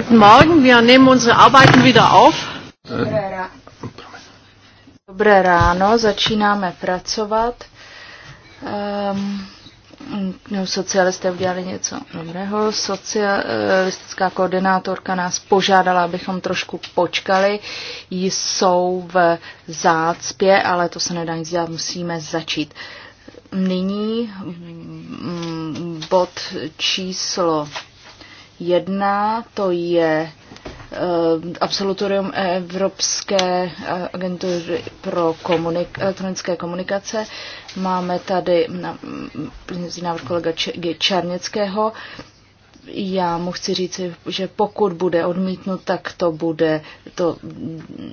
Guten Morgen, wir nehmen unsere Arbeiten wieder auf. Dobré ráno, začínáme pracovat. Um, socialisté udělali něco dobrého. Socialistická koordinátorka nás požádala, abychom trošku počkali. Jsou v zácpě, ale to se nedá nic dělat, musíme začít. Nyní mm, bod číslo Jedna to je eh, absolutorium Evropské eh, agentury pro komunik- elektronické komunikace. Máme tady na, mm, návrh kolega Černického. Já mu chci říct, že pokud bude odmítnut, tak to bude to mm,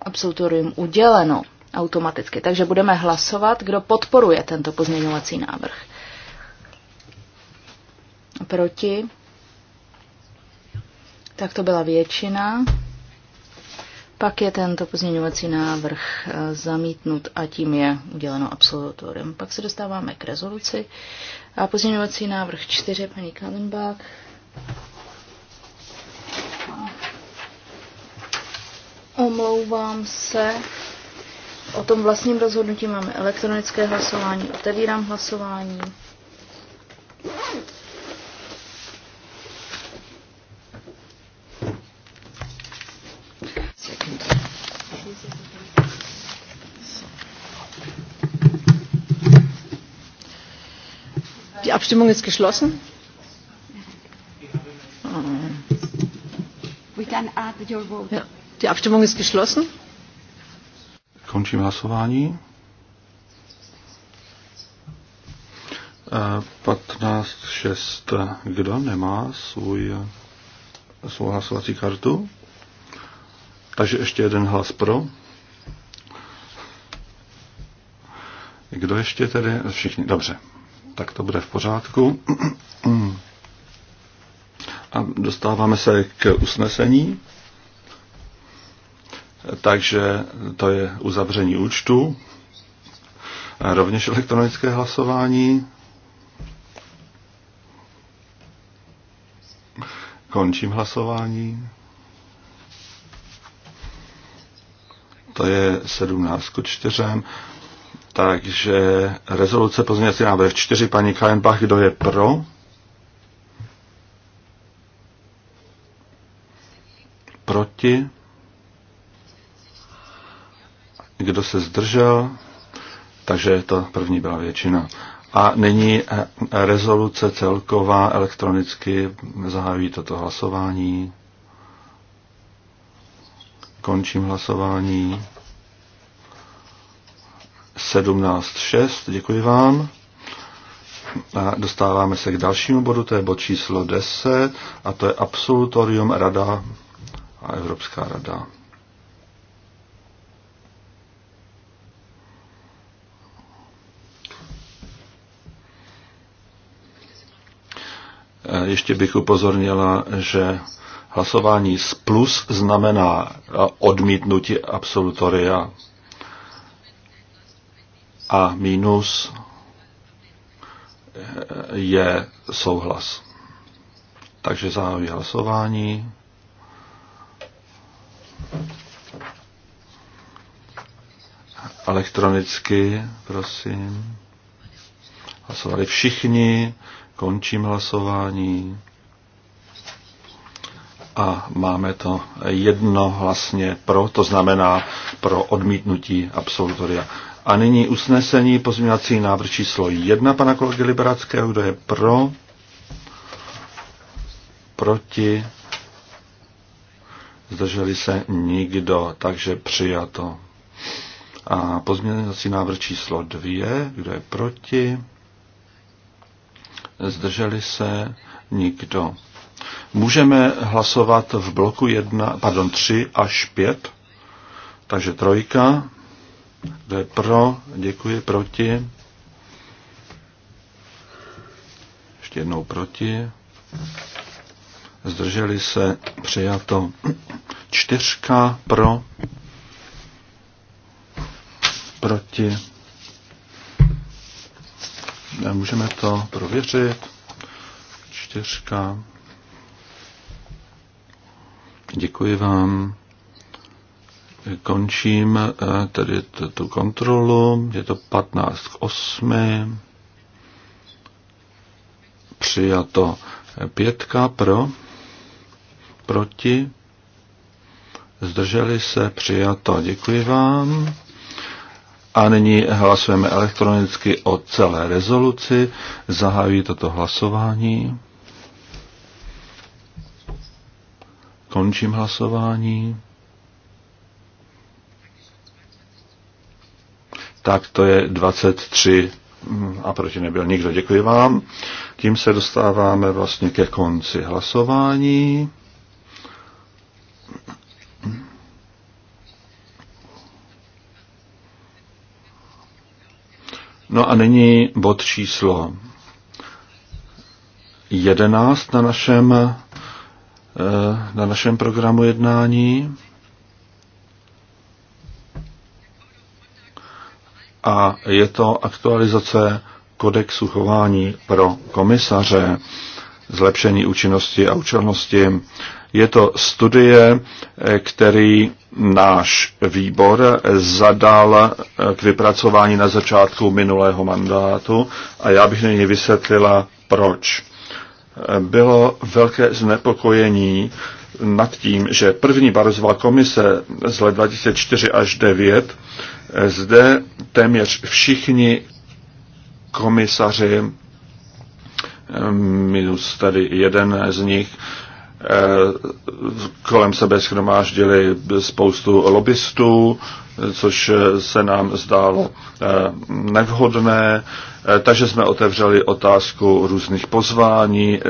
absolutorium uděleno automaticky. Takže budeme hlasovat, kdo podporuje tento pozměňovací návrh. Proti? Tak to byla většina. Pak je tento pozměňovací návrh eh, zamítnut a tím je uděleno absolutorium. Pak se dostáváme k rezoluci. A pozměňovací návrh 4, paní Kallenbach. Omlouvám se. O tom vlastním rozhodnutí máme elektronické hlasování. Otevírám hlasování. Die Abstimmung ist geschlossen. We can add your vote. Ja. Die Abstimmung ist geschlossen. Končím hlasování. 15.6. Eh, kdo nemá svůj, svou hlasovací kartu? Takže ještě jeden hlas pro. Kdo ještě tedy? Všichni. Dobře tak to bude v pořádku. A dostáváme se k usnesení. Takže to je uzavření účtu, A rovněž elektronické hlasování. Končím hlasování. To je 17 k 4. Takže rezoluce pozměňovací návrh 4, paní Kajenbach, kdo je pro? Proti? Kdo se zdržel? Takže to první byla většina. A nyní eh, rezoluce celková elektronicky zahájí toto hlasování. Končím hlasování. 17.6. Děkuji vám. A dostáváme se k dalšímu bodu, to je bod číslo 10, a to je absolutorium Rada a Evropská rada. E, ještě bych upozornila, že hlasování s plus znamená e, odmítnutí absolutoria a mínus je souhlas. Takže zahájí hlasování. Elektronicky, prosím. Hlasovali všichni. Končím hlasování. A máme to jednohlasně pro, to znamená pro odmítnutí absolutoria. A nyní usnesení pozměňovací návrh číslo 1 pana kolegy Liberackého, kdo je pro, proti, zdrželi se nikdo, takže přijato. A pozměňovací návrh číslo 2, kdo je proti, zdrželi se nikdo. Můžeme hlasovat v bloku 1, pardon, 3 až 5, takže trojka, kdo je pro? Děkuji. Proti? Ještě jednou proti. Zdrželi se. Přijato. Čtyřka pro. Proti. Můžeme to prověřit. Čtyřka. Děkuji vám končím eh, tedy tu kontrolu. Je to 15 k 8. Přijato pětka pro, proti, zdrželi se, přijato. Děkuji vám. A nyní hlasujeme elektronicky o celé rezoluci. Zahájí toto hlasování. Končím hlasování. tak to je 23 mm, a proti nebyl nikdo. Děkuji vám. Tím se dostáváme vlastně ke konci hlasování. No a nyní bod číslo 11 na našem, eh, na našem programu jednání. a je to aktualizace kodexu chování pro komisaře, zlepšení účinnosti a účelnosti. Je to studie, eh, který náš výbor zadal eh, k vypracování na začátku minulého mandátu a já bych nyní vysvětlila, proč. Eh, bylo velké znepokojení nad tím, že první Barozová komise z let 2004 až 2009 zde téměř všichni komisaři, ehm, minus tady jeden z nich, ehm, kolem sebe schromáždili spoustu lobbystů, což se nám zdálo eh, nevhodné, eh, takže jsme otevřeli otázku různých pozvání, eh,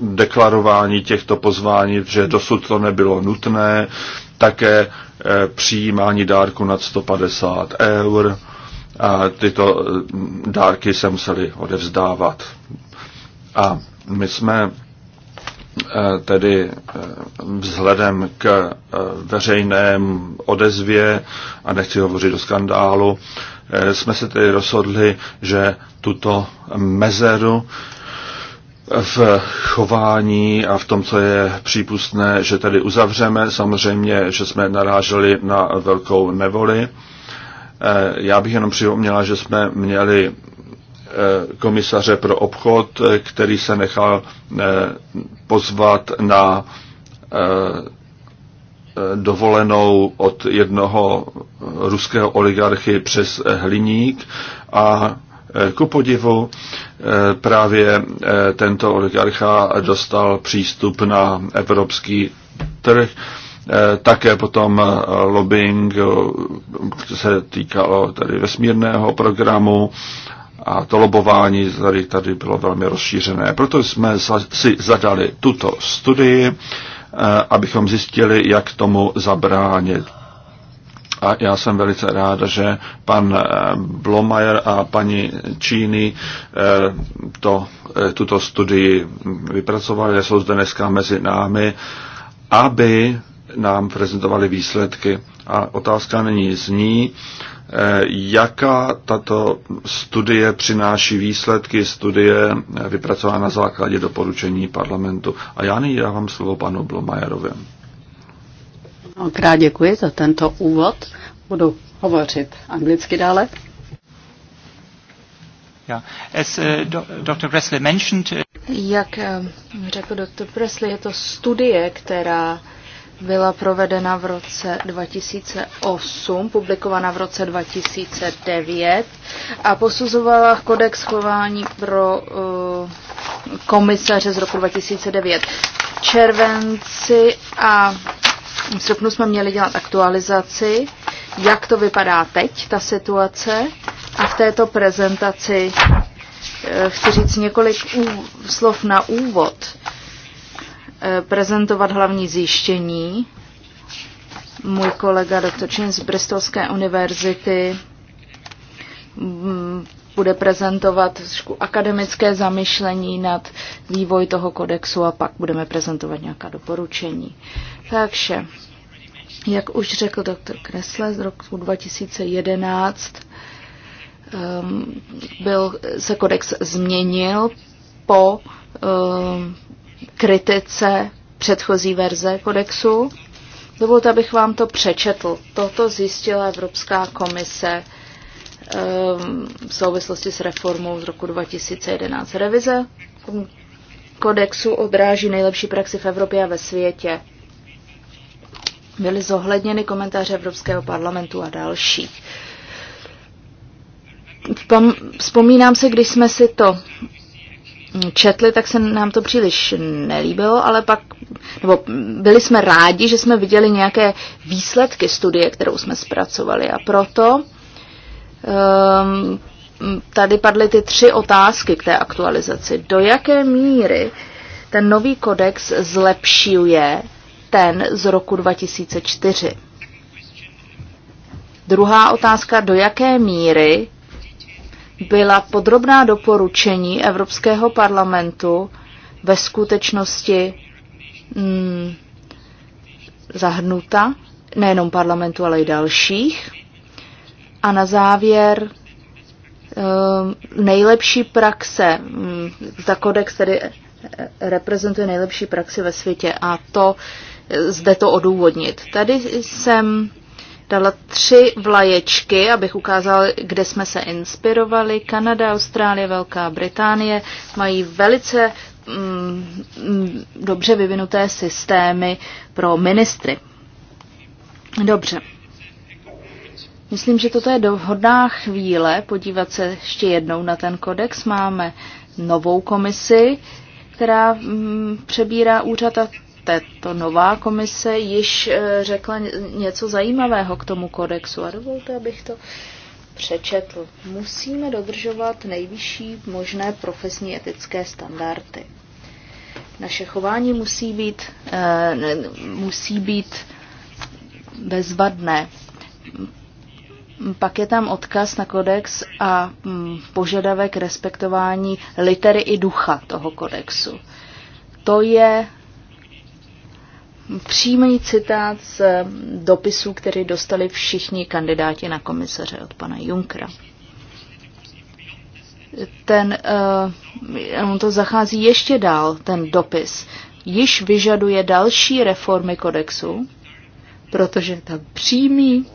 deklarování těchto pozvání, že dosud to nebylo nutné, také přijímání dárku nad 150 eur a tyto mm, dárky se museli odevzdávat. A my jsme Eh, tedy eh, vzhledem k eh, veřejném odezvě, a nechci hovořit o skandálu, jsme se tedy rozhodli, že tuto mezeru v chování a v tom, co je přípustné, že tedy uzavřeme. Samozřejmě, že jsme naráželi na velkou nevoli. Já bych jenom připomněla, že jsme měli Eh, komisaře pro obchod, eh, který se nechal eh, pozvat na dovolenou od jednoho ruského oligarchy přes hliník a ku podivu právě tento oligarcha dostal přístup na evropský trh. Také potom lobbying se týkalo tady vesmírného programu a to lobování tady, tady bylo velmi rozšířené. Proto jsme si zadali tuto studii, eh, abychom zjistili, jak tomu zabránit. A já jsem velice rád, že pan eh, Blomayer a paní Číny eh, to, tuto studii vypracovali, jsou zde dneska mezi námi, aby nám prezentovali výsledky. A otázka není zní, jaká tato studie přináší výsledky studie vypracovaná na základě doporučení parlamentu. A já nyní dávám slovo panu Blomajerovi. Krát děkuji za tento úvod. Budu hovořit anglicky dále. as uh, do, Dr. Presley mentioned, eh, jak eh, řekl Dr. Presley, je to studie, která uh, byla provedena v roce 2008, publikována v roce 2009 a posuzovala kodex chování pro uh, komisaře z roku 2009. V červenci a v srpnu jsme měli dělat aktualizaci, jak to vypadá teď, ta situace. A v této prezentaci uh, chci říct několik slov na úvod Eh, prezentovat hlavní zjištění. Můj kolega Dr. Čin z Bristolské univerzity mm, bude prezentovat akademické zamyšlení nad vývoj toho kodexu a pak budeme prezentovat nějaká doporučení. Takže, jak už řekl doktor Kresle z roku 2011, ehm, byl, se kodex změnil po um, kritice předchozí verze kodexu. Dovolte, abych vám to přečetl. Toto zjistila Evropská komise ehm, v souvislosti s reformou z roku 2011. Revize kodexu odráží nejlepší praxi v Evropě a ve světě. Byly zohledněny komentáře Evropského parlamentu a dalších. Vzpomínám se, když jsme si to četli, tak se nám to příliš nelíbilo, ale pak, nebo byli jsme rádi, že jsme viděli nějaké výsledky studie, kterou jsme zpracovali a proto um, tady padly ty tři otázky k té aktualizaci. Do jaké míry ten nový kodex zlepšuje ten z roku 2004? Druhá otázka, do jaké míry byla podrobná doporučení Evropského parlamentu ve skutečnosti hmm, zahrnuta, nejenom parlamentu, ale i dalších. A na závěr ehm, nejlepší praxe, ta mm, kodex tedy e, e, reprezentuje nejlepší praxi ve světě a to e, zde to odůvodnit. Tady jsem dala tři vlaječky, abych ukázal, kde jsme se inspirovali. Kanada, Austrálie, Velká Británie mají velice mm, mm dobře vyvinuté systémy pro ministry. Dobře. Myslím, že toto je dohodná chvíle podívat se ještě jednou na ten kodex. Máme novou komisi, která mm, přebírá úřad a této nová komise již eh, řekla něco zajímavého k tomu kodexu a dovolte, abych to přečetl. Musíme dodržovat nejvyšší možné profesní etické standardy. Naše chování musí být, eh, musí být bezvadné. Pak je tam odkaz na kodex a mm, požadavek respektování litery i ducha toho kodexu. To je přímý citát z dopisu, který dostali všichni kandidáti na komisaře od pana Junkra. Ten, uh, on to zachází ještě dál, ten dopis, již vyžaduje další reformy kodexu, protože tam přímý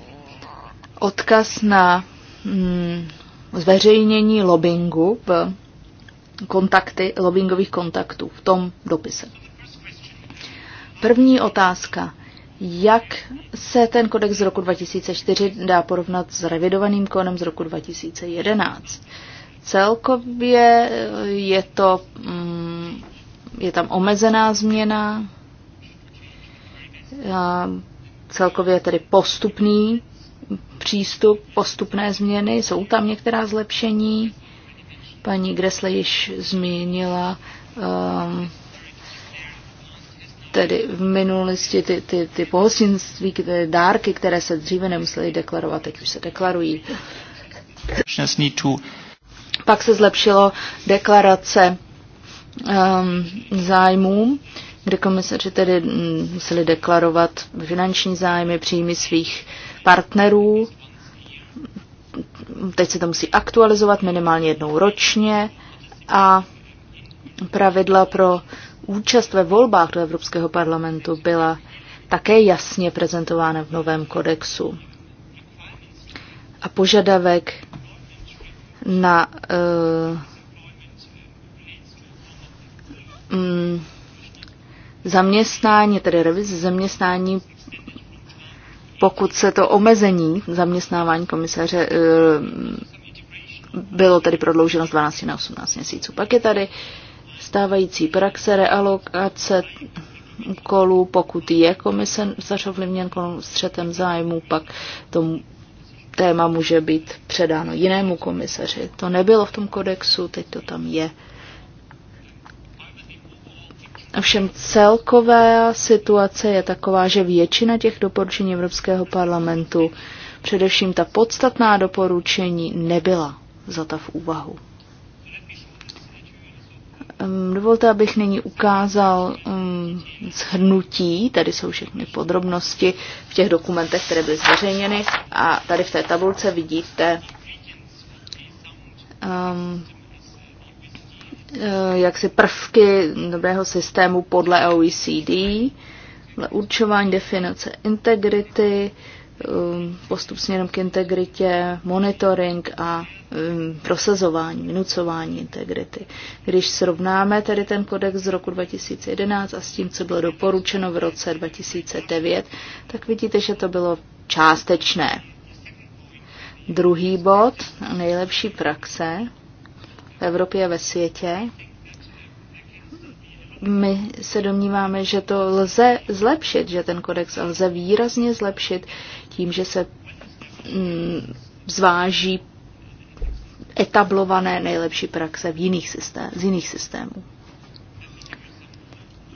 odkaz na mm, zveřejnění lobbingu v kontakty, lobbingových kontaktů v tom dopise. První otázka. Jak se ten kodex z roku 2004 dá porovnat s revidovaným konem z roku 2011? Celkově eh, je to, mm, je tam omezená změna, celkově tedy postupný přístup, postupné změny, jsou tam některá zlepšení. Paní Gresle již zmínila um, tedy v minulosti ty, ty, ty pohostinství, ty dárky, které se dříve nemuseli deklarovat, teď už se deklarují. Pak se zlepšilo deklarace um, zájmů, kde komisaři tedy mm, museli deklarovat finanční zájmy, příjmy svých partnerů. Teď se to musí aktualizovat minimálně jednou ročně a pravidla pro účast ve volbách do Evropského parlamentu byla také jasně prezentována v novém kodexu. A požadavek na uh, zaměstnání, tedy revizi zaměstnání, pokud se to omezení zaměstnávání komisaře uh, bylo tedy prodlouženo z 12 na 18 měsíců. Pak je tady uh, stávající praxe realokace úkolů, pokud je komisař ovlivněn střetem zájmu, pak tomu téma může být předáno jinému komisaři. To nebylo v tom kodexu, teď to tam je. Ovšem celková situace je taková, že většina těch doporučení Evropského parlamentu, především ta podstatná doporučení, nebyla vzata v úvahu. Dovolte, abych nyní ukázal shrnutí, tady jsou všechny podrobnosti v těch dokumentech, které byly zveřejněny a tady v té tabulce vidíte, e, jak si prvky dobrého systému podle OECD, podle určování definice integrity, Um, postup směrem k integritě, monitoring a um, prosazování, vynucování integrity. Když srovnáme tedy ten kodex z roku 2011 a s tím, co bylo doporučeno v roce 2009, tak vidíte, že to bylo částečné. Druhý bod, nejlepší praxe v Evropě a ve světě. My se domníváme, že to lze zlepšit, že ten kodex lze výrazně zlepšit tím, že se mm, zváží etablované nejlepší praxe v jiných systém, z jiných systémů.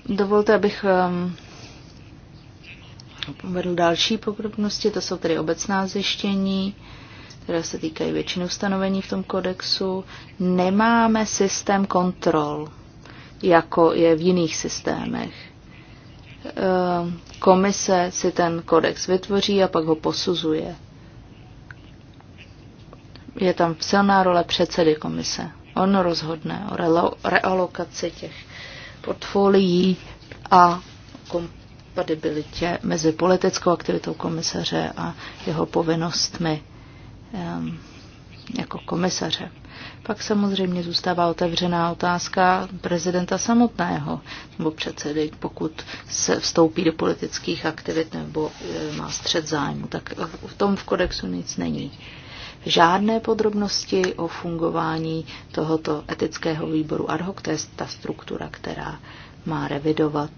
Dovolte, abych um, uvedl další podrobnosti, to jsou tedy obecná zjištění, které se týkají většiny ustanovení v tom kodexu. Nemáme systém kontrol, jako je v jiných systémech Eh, komise si ten kodex vytvoří a pak ho posuzuje. Je tam silná role předsedy komise. On rozhodne o realokaci těch portfolií a kompatibilitě mezi politickou aktivitou komisaře a jeho povinnostmi jako komisaře. Pak samozřejmě zůstává otevřená otázka prezidenta samotného nebo předsedy, pokud se vstoupí do politických aktivit nebo e, má střed zájmu. Tak v tom v kodexu nic není. Žádné podrobnosti o fungování tohoto etického výboru ad hoc, to je ta struktura, která má revidovat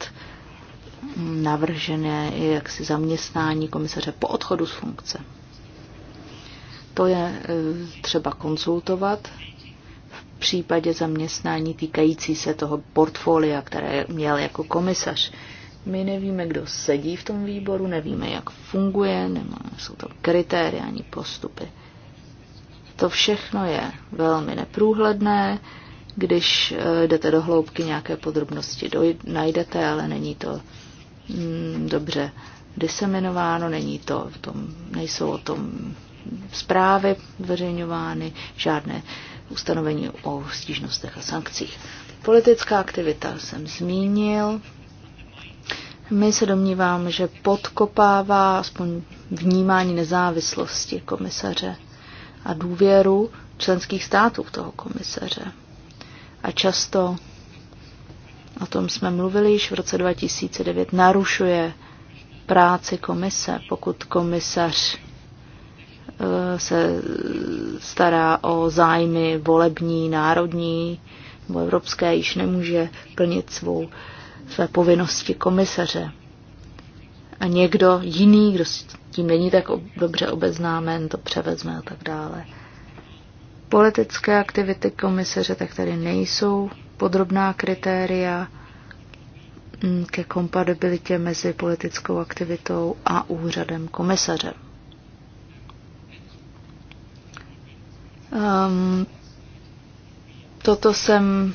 navržené jaksi zaměstnání komisaře po odchodu z funkce. To je e, třeba konzultovat případě zaměstnání týkající se toho portfolia, které měl jako komisař. My nevíme, kdo sedí v tom výboru, nevíme, jak funguje, nemáme, jsou tam kritéria ani postupy. To všechno je velmi neprůhledné, když eh, jdete do hloubky, nějaké podrobnosti doj- najdete, ale není to mm, dobře diseminováno, není to v tom, nejsou o tom zprávy zveřejňovány, žádné uh, ustanovení o stížnostech a sankcích. Politická aktivita jsem zmínil. My se domníváme, že podkopává aspoň vnímání nezávislosti komisaře a důvěru členských států v toho komisaře. A často, o tom jsme mluvili již v roce 2009, narušuje práci komise, pokud komisař Eh, se stará o zájmy volební, národní nebo evropské, již nemůže plnit svou, své povinnosti komisaře. A někdo jiný, kdo s tím není tak dobře obeznámen, to převezme a tak dále. Politické aktivity komisaře tak tady nejsou podrobná kritéria mm, ke kompatibilitě mezi politickou aktivitou a úřadem komisaře. Um, toto jsem,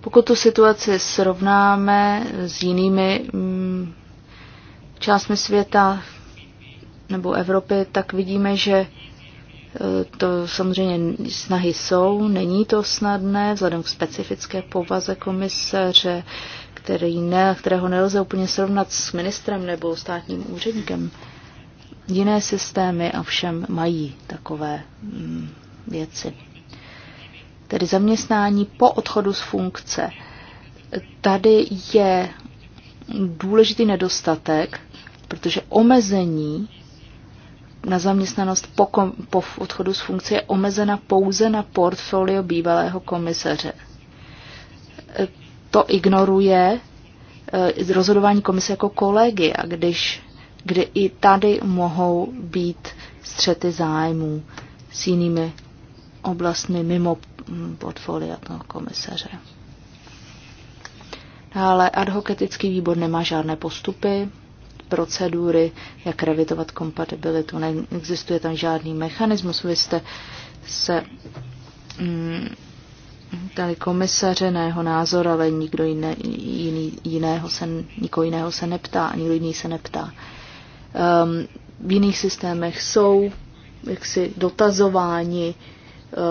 pokud tu situaci srovnáme s jinými um, částmi světa nebo Evropy, tak vidíme, že e, to samozřejmě snahy jsou, není to snadné, vzhledem k specifické povaze komisaře, který ne, kterého nelze úplně srovnat s ministrem nebo státním úředníkem. Jiné systémy a všem mají takové mm, věci. Tedy zaměstnání po odchodu z funkce. Tady je důležitý nedostatek, protože omezení na zaměstnanost po, kom, po odchodu z funkce je omezena pouze na portfolio bývalého komisaře. To ignoruje eh, rozhodování komise jako kolegy a když kde i tady mohou být střety zájmů s jinými oblastmi mimo mm, portfolia toho komisaře. Ale ad hoc etický výbor nemá žádné postupy, procedury, jak revitovat kompatibilitu. Neexistuje tam žádný mechanismus. Vy jste se mm, tady komisaře na jeho názor, ale nikdo jiné, jiný, jiného se, nikoho jiného se neptá, ani jiný se neptá. Uh, um, v jiných systémech jsou jaksi dotazováni uh,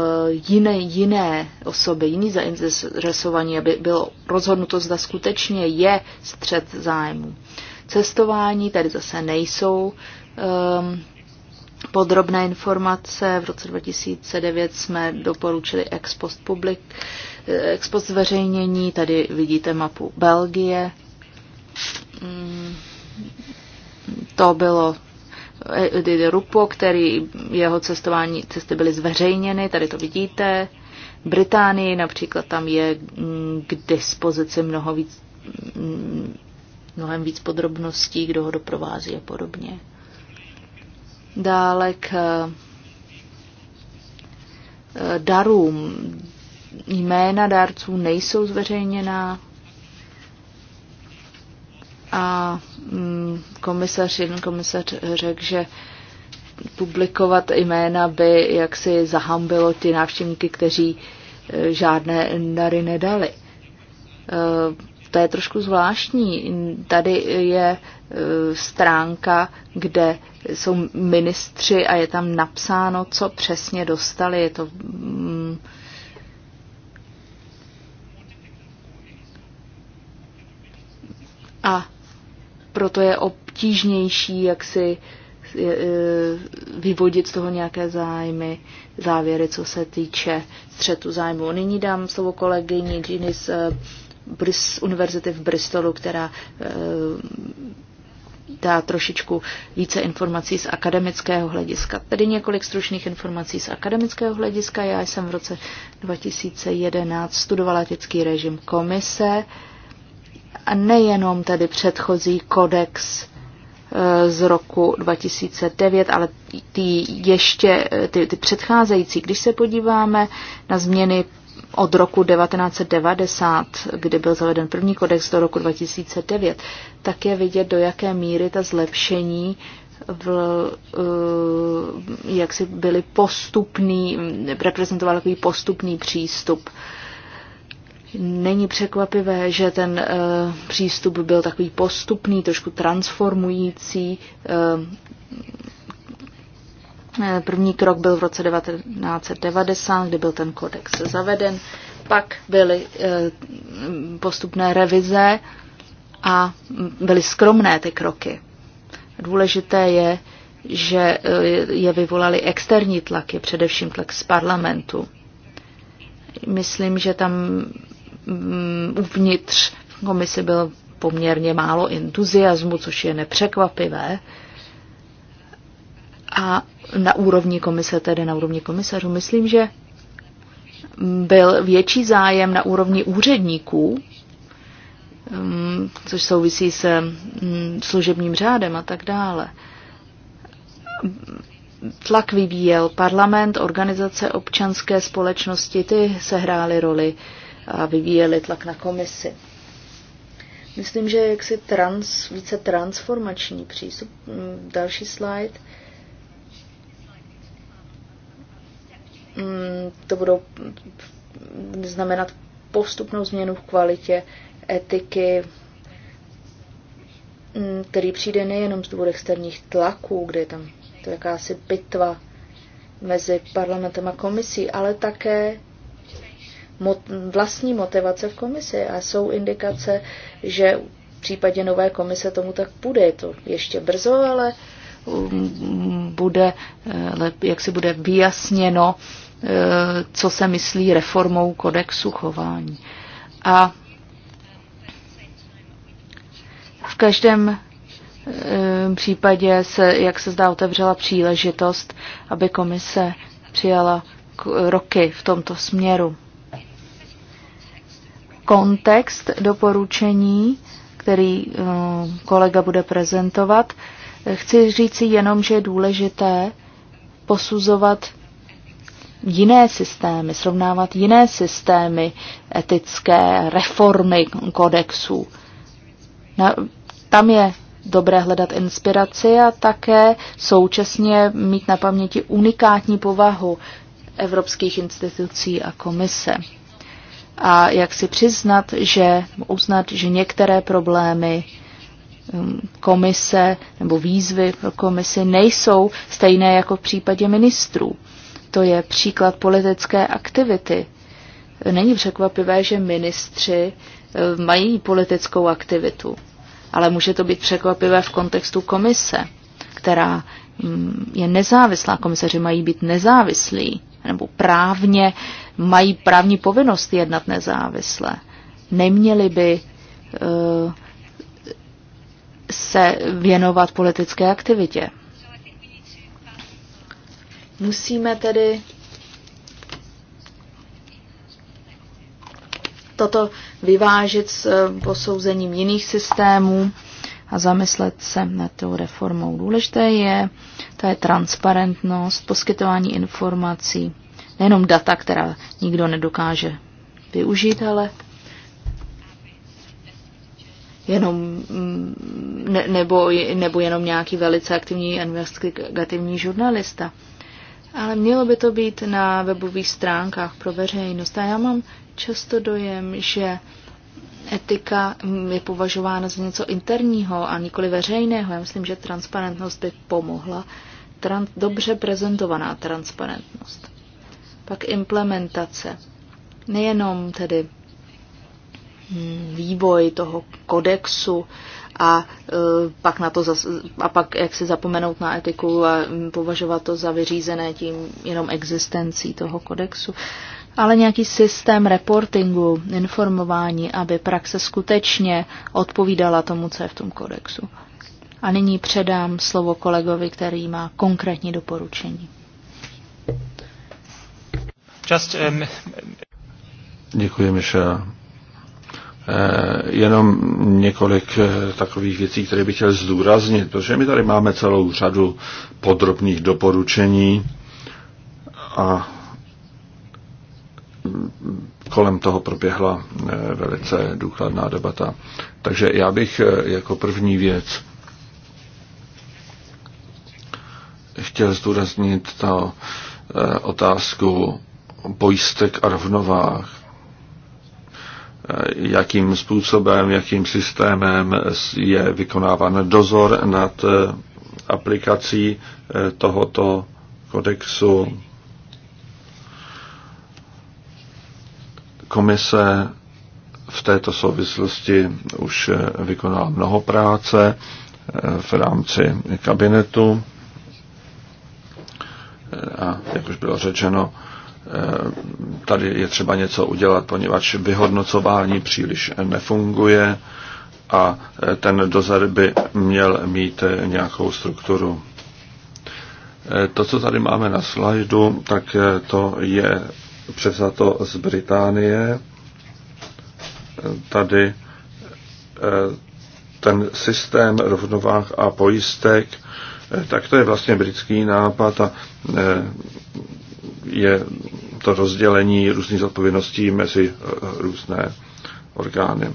jiné, jiné osoby, jiní zainteresovaní, aby bylo rozhodnuto, zda skutečně je střed zájmu. Cestování tady zase nejsou um, podrobné informace. V roce 2009 jsme doporučili ex post, public, eh, ex post zveřejnění. Tady vidíte mapu Belgie. Mm, to bylo eh, Rupo, který jeho cestování cesty byly zveřejněny, tady to vidíte. Británii například tam je mm, k dispozici mnoho víc, mm, mnohem víc podrobností, kdo ho doprovází a podobně. Dále k eh, darům. Jména dárců nejsou zveřejněná, a mm, komisař, jeden komisař řekl, že publikovat jména by jaksi zahambilo ty návštěvníky, kteří e, žádné dary nedali. E, to je trošku zvláštní. Tady je e, stránka, kde jsou ministři a je tam napsáno, co přesně dostali. Je to mm, a proto je obtížnější, jak si eh, eh, vyvodit z toho nějaké zájmy, závěry, co se týče střetu zájmu. Nyní dám slovo kolegyni Ginny eh, z Bris, univerzity v Bristolu, která dá trošičku více informací z akademického hlediska. Tedy několik stručných informací z akademického hlediska. Já jsem v roce 2011 studovala dětský režim komise nejenom tedy předchozí kodex eh, z roku 2009, ale ty ještě, eh, ty, ty předcházející. Když se podíváme na změny od roku 1990, kdy byl zaveden první kodex do roku 2009, tak je vidět, do jaké míry ta zlepšení v, eh, jak si byly postupný, reprezentoval takový postupný přístup Není překvapivé, že ten e, přístup byl takový postupný, trošku transformující. E, první krok byl v roce 1990, kdy byl ten kodex zaveden, pak byly e, postupné revize a byly skromné ty kroky. Důležité je, že je vyvolali externí tlaky, především tlak z parlamentu. Myslím, že tam Mm, uvnitř komise bylo poměrně málo entuziasmu, což je nepřekvapivé. A na úrovni komise, tedy na úrovni komisařů, myslím, že byl větší zájem na úrovni úředníků, mm, což souvisí se mm, služebním řádem a tak dále. Tlak vyvíjel parlament, organizace občanské společnosti, ty sehrály roli a vyvíjeli tlak na komisi. Myslím, že jaksi trans, více transformační přístup. Mm, další slide. Mm, to budou mm, znamenat postupnou změnu v kvalitě etiky, který přijde nejenom z důvodu externích tlaků, kde je tam to jakási bitva mezi parlamentem a komisí, ale také vlastní motivace v komisi a jsou indikace, že v případě nové komise tomu tak bude. Je to ještě brzo, ale um, bude, eh, jak si bude vyjasněno, eh, co se myslí reformou kodexu chování. A v každém eh, případě se, jak se zdá, otevřela příležitost, aby komise přijala roky v tomto směru kontext doporučení, který eh, kolega bude prezentovat. Chci říci jenom, že je důležité posuzovat jiné systémy, srovnávat jiné systémy etické reformy kodexů. Na, tam je dobré hledat inspiraci a také současně mít na paměti unikátní povahu evropských institucí a komise a jak si přiznat, že uznat, že některé problémy um, komise nebo výzvy pro komisi nejsou stejné jako v případě ministrů. To je příklad politické aktivity. Není překvapivé, že ministři um, mají politickou aktivitu, ale může to být překvapivé v kontextu komise, která um, je nezávislá. Komiseři mají být nezávislí nebo právně mají právní povinnost jednat nezávisle. Neměli by eh, se věnovat politické aktivitě. Musíme tedy toto vyvážit s eh, posouzením jiných systémů a zamyslet se nad tou reformou. Důležité je, to je transparentnost, poskytování informací nejenom data, která nikdo nedokáže využít, ale jenom, mm, ne, nebo, nebo jenom nějaký velice aktivní investigativní žurnalista. Ale mělo by to být na webových stránkách pro veřejnost. A já mám často dojem, že etika je považována za něco interního a nikoli veřejného. Já myslím, že transparentnost by pomohla. Tran- dobře prezentovaná transparentnost. Pak implementace. Nejenom tedy hm, vývoj toho kodexu a e, pak na to zas, a pak jak si zapomenout na etiku a hm, považovat to za vyřízené tím jenom existencí toho kodexu, ale nějaký systém reportingu, informování, aby praxe skutečně odpovídala tomu, co je v tom kodexu. A nyní předám slovo kolegovi, který má konkrétní doporučení. Um, Děkuji, Michel. Eh, jenom několik eh, takových věcí, které bych chtěl zdůraznit, protože my tady máme celou řadu podrobných doporučení a kolem toho proběhla eh, velice důkladná debata. Takže já bych jako první věc chtěl zdůraznit to otázku pojistek a rovnovách. Jakým způsobem, jakým systémem je vykonáván dozor nad eh, aplikací eh, tohoto kodexu. Komise v této souvislosti už eh, vykonala mnoho práce v rámci kabinetu a jak už bylo řečeno, Eh, tady je třeba něco udělat, poněvadž vyhodnocování příliš nefunguje a eh, ten dozor by měl mít eh, nějakou strukturu. To, co tady máme na slajdu, tak to je převzato z Británie. Tady ten systém rovnovách a pojistek, tak to je vlastně britský nápad a je to rozdělení různých odpovědností mezi eh, různé orgány.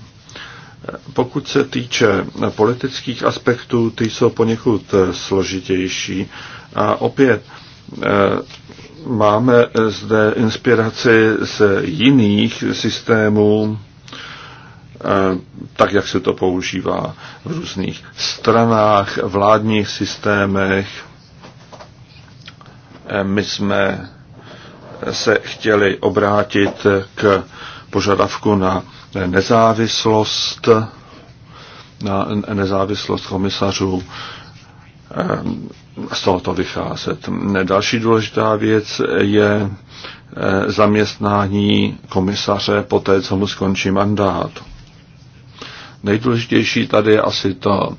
Pokud se týče politických aspektů, ty jsou poněkud eh, složitější. A opět eh, máme zde inspiraci z jiných systémů, tak jak se to používá v různých stranách, vládních systémech. My jsme se chtěli obrátit k požadavku na nezávislost, na nezávislost komisařů ehm, z to vycházet. Další důležitá věc je eh, zaměstnání komisaře po té, co mu skončí mandát. Nejdůležitější tady je asi to,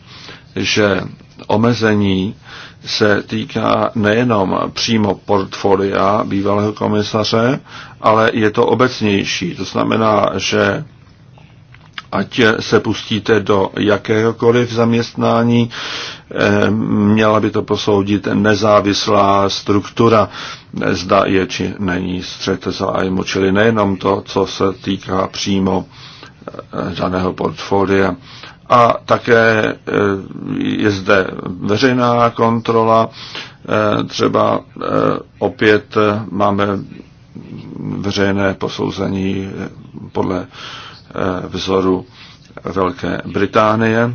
že omezení se týká nejenom přímo portfolia bývalého komisaře, ale je to obecnější. To znamená, že ať se pustíte do jakéhokoliv zaměstnání, eh, měla by to posoudit nezávislá struktura, zda je či není střet zájmu, čili nejenom to, co se týká přímo eh, daného portfolia a také eh, je zde veřejná kontrola. Eh, třeba eh, opět máme veřejné posouzení podle vzoru Velké Británie.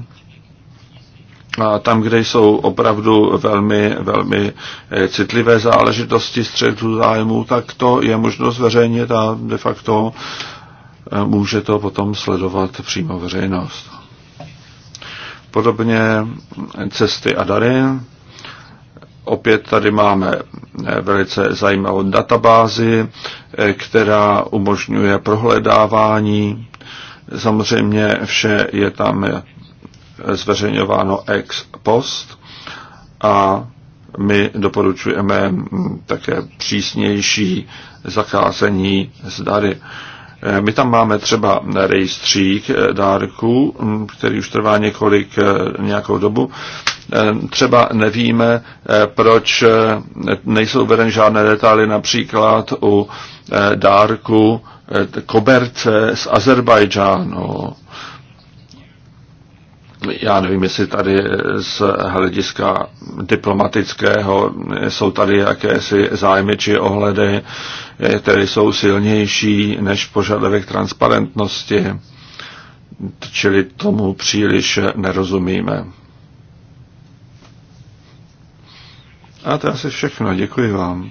A tam, kde jsou opravdu velmi, velmi citlivé záležitosti střetu zájmu, tak to je možno zveřejnit a de facto může to potom sledovat přímo veřejnost. Podobně cesty a dary. Opět tady máme eh, velice zajímavou databázi, eh, která umožňuje prohledávání. Samozřejmě vše je tam eh, zveřejňováno ex post a my doporučujeme mm, také přísnější zacházení s dary. Eh, my tam máme třeba rejstřík eh, dárků, mm, který už trvá několik, eh, nějakou dobu. Třeba nevíme, proč nejsou vedeny žádné detaily, například u dárku koberce z Azerbajdžánu. Já nevím, jestli tady z hlediska diplomatického jsou tady jakési zájmy či ohledy Eh, tedy jsou silnější než požadavek transparentnosti, čili tomu příliš nerozumíme. A to je asi všechno, děkuji vám.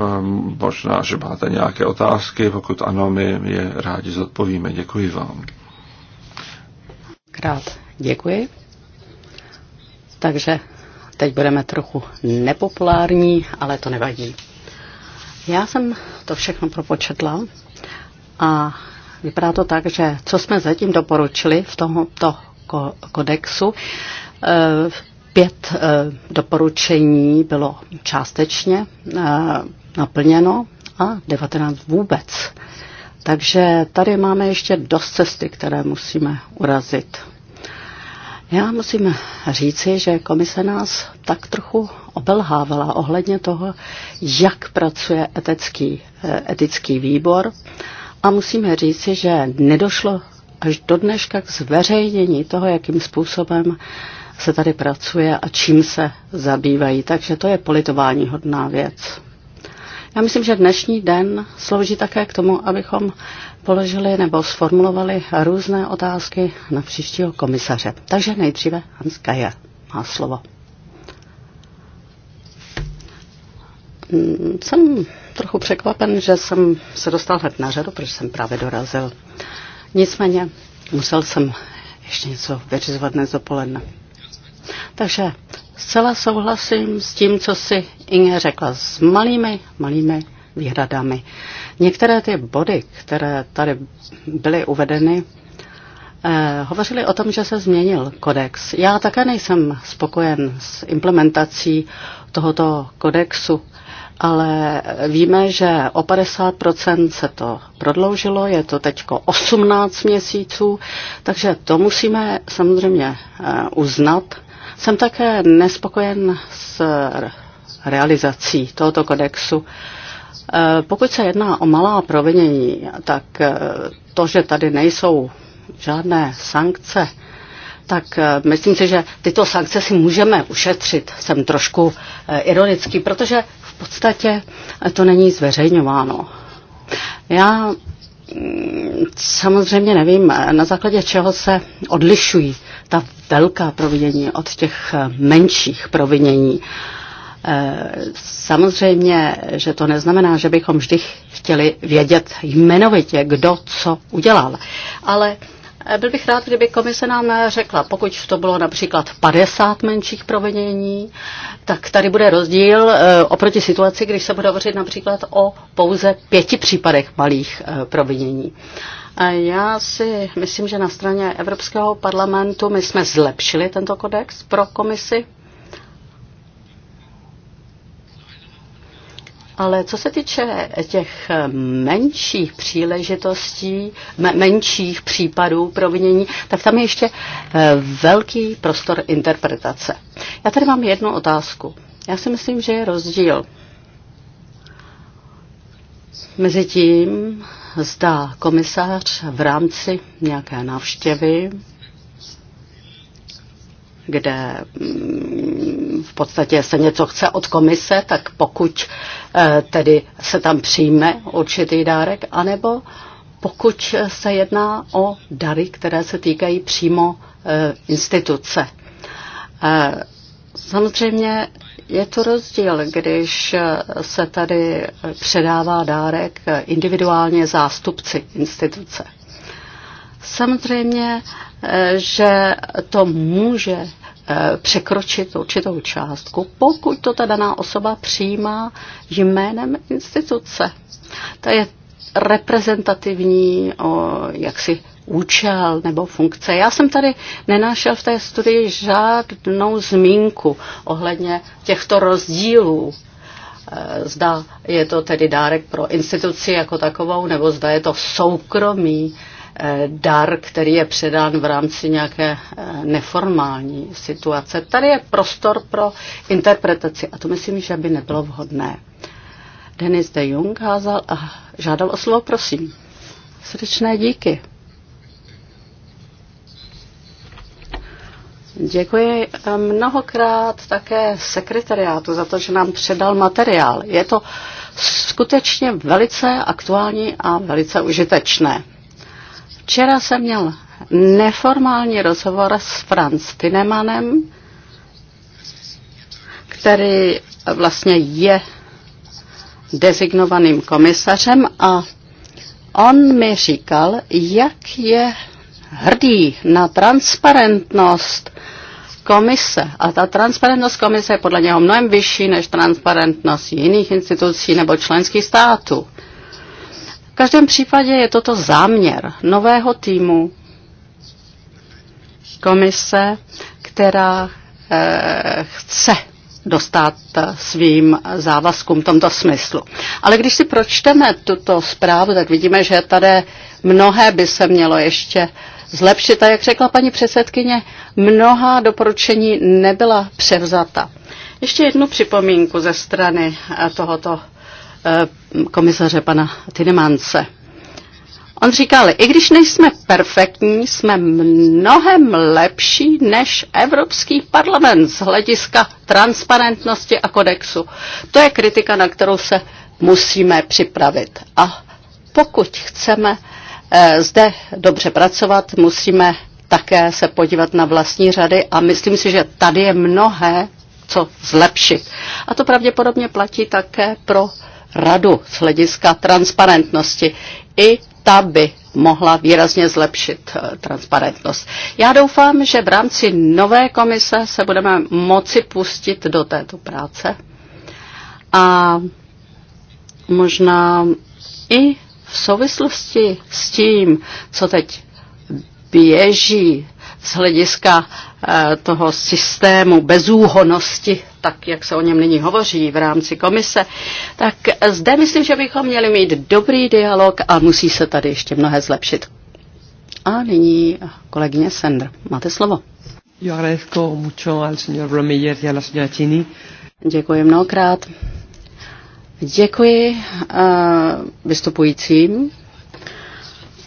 Ehm, možná, že máte nějaké otázky, pokud ano, my je rádi zodpovíme. Děkuji vám. Krát děkuji. Takže Teď budeme trochu nepopulární, ale to nevadí. Já jsem to všechno propočetla a vypadá to tak, že co jsme zatím doporučili v tomto kodexu, eh, pět eh, doporučení bylo částečně eh, naplněno a 19 vůbec. Takže tady máme ještě dost cesty, které musíme urazit. Já musím říci, že komise nás tak trochu obelhávala ohledně toho, jak pracuje etický, etický výbor. A musíme říci, že nedošlo až do dneška k zveřejnění toho, jakým způsobem se tady pracuje a čím se zabývají. Takže to je politování hodná věc. Já myslím, že dnešní den slouží také k tomu, abychom položili nebo sformulovali různé otázky na příštího komisaře. Takže nejdříve Hans Kaja má slovo. Hmm, jsem trochu překvapen, že jsem se dostal hned na řadu, protože jsem právě dorazil. Nicméně musel jsem ještě něco vyřizovat dnes dopoledne. Takže zcela souhlasím s tím, co si Inge řekla, s malými, malými výhradami. Uh, Některé ty body, které tady byly uvedeny, eh, hovořili o tom, že se změnil kodex. Já také nejsem spokojen s implementací tohoto kodexu, ale víme, že o 50% se to prodloužilo, je to teď 18 měsíců, takže to musíme samozřejmě eh, uznat. Jsem také nespokojen s realizací tohoto kodexu. Eh, pokud se jedná o malá provinění, tak eh, to, že tady nejsou žádné sankce, tak eh, myslím si, že tyto sankce si můžeme ušetřit. Jsem trošku ironický, protože v podstatě to není zveřejňováno. Já mm, samozřejmě nevím, na základě čeho se odlišují ta velká provinění od těch menších provinění. Uh, Samozřejmě, že to neznamená, že bychom vždy chtěli vědět jmenovitě, kdo co udělal. Ale eh, byl bych rád, kdyby komise nám řekla, pokud to bylo například 50 menších provinění, tak tady bude rozdíl eh, oproti situaci, když se bude hovořit například o pouze pěti případech malých eh, provinění. Já si myslím, že na straně Evropského parlamentu my jsme zlepšili tento kodex pro komisi, Ale co se týče těch eh, menších příležitostí, menších případů provinění, tak tam je ještě eh, velký prostor interpretace. Já tady mám jednu otázku. Já si myslím, že je rozdíl mezi tím, zda komisář v rámci nějaké návštěvy kde mm, v podstatě se něco chce od komise, tak pokud eh, tedy se tam přijme určitý dárek, anebo pokud se jedná o dary, které se týkají přímo eh, instituce. Eh, samozřejmě je to rozdíl, když se tady předává dárek individuálně zástupci instituce. Samozřejmě, že to může Eh, překročit určitou částku, pokud to ta daná osoba přijímá jménem instituce. To je reprezentativní o, jaksi účel nebo funkce. Já jsem tady nenašel v té studii žádnou zmínku ohledně těchto rozdílů. Eh, zda je to tedy dárek pro instituci jako takovou, nebo zda je to soukromý Eh, dar, který je předán v rámci nějaké eh, neformální situace. Tady je prostor pro interpretaci a to myslím, že by nebylo vhodné. Denis de Jung házal a žádal o slovo, prosím. Srdečné díky. Děkuji eh, mnohokrát také sekretariátu za to, že nám předal materiál. Je to skutečně velice aktuální a velice užitečné. Včera jsem měl neformální rozhovor s Franz Tinemanem, který vlastně je designovaným komisařem a on mi říkal, jak je hrdý na transparentnost komise. A ta transparentnost komise je podle něho mnohem vyšší než transparentnost jiných institucí nebo členských států. V každém případě je toto záměr nového týmu komise, která eh, chce dostat svým závazkům v tomto smyslu. Ale když si pročteme tuto zprávu, tak vidíme, že tady mnohé by se mělo ještě zlepšit. A jak řekla paní předsedkyně, mnoha doporučení nebyla převzata. Ještě jednu připomínku ze strany eh, tohoto eh, komisaře pana Tinemance. On říkal, i když nejsme perfektní, jsme mnohem lepší než Evropský parlament z hlediska transparentnosti a kodexu. To je kritika, na kterou se musíme připravit. A pokud chceme eh, zde dobře pracovat, musíme také se podívat na vlastní řady a myslím si, že tady je mnohé co zlepšit. A to pravděpodobně platí také pro radu z hlediska transparentnosti. I ta by mohla výrazně zlepšit eh, transparentnost. Já doufám, že v rámci nové komise se budeme moci pustit do této práce a možná i v souvislosti s tím, co teď běží z hlediska Eh, toho systému bezúhonosti, tak jak se o něm nyní hovoří v rámci komise, tak zde myslím, že bychom měli mít dobrý dialog a musí se tady ještě mnohé zlepšit. A nyní kolegyně Sender. Máte slovo. Děkuji mnohokrát. Děkuji uh, vystupujícím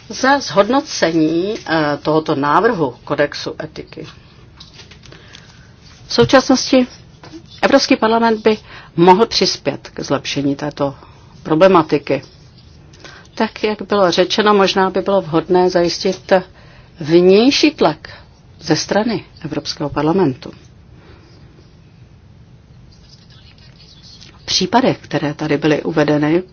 za zhodnocení uh, tohoto návrhu kodexu etiky. V současnosti Evropský parlament by mohl přispět k zlepšení této problematiky. Tak, jak bylo řečeno, možná by bylo vhodné zajistit vnější tlak ze strany Evropského parlamentu. V případech, které tady byly uvedeny,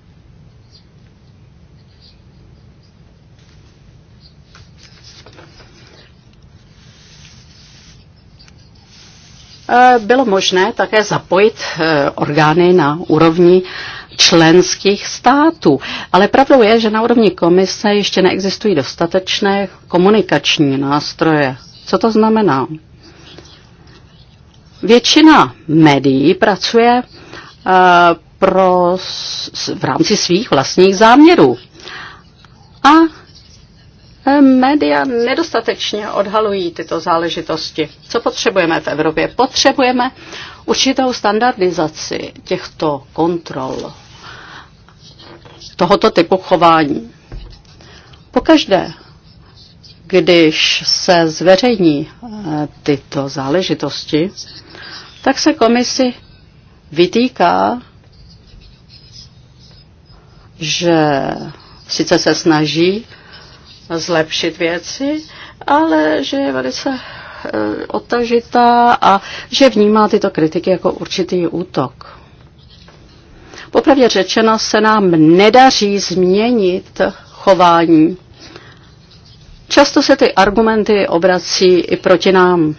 Eh, bylo možné také zapojit eh, orgány na úrovni členských států. Ale pravdou je, že na úrovni komise ještě neexistují dostatečné komunikační nástroje. Co to znamená? Většina médií pracuje eh, pro, v rámci svých vlastních záměrů. A Média nedostatečně odhalují tyto záležitosti. Co potřebujeme v Evropě? Potřebujeme určitou standardizaci těchto kontrol, tohoto typu chování. Pokaždé, když se zveřejní eh, tyto záležitosti, tak se komisi vytýká, že sice se snaží zlepšit věci, ale že je velice eh, odtažitá a že vnímá tyto kritiky jako určitý útok. Popravdě řečeno se nám nedaří změnit chování. Často se ty argumenty obrací i proti nám.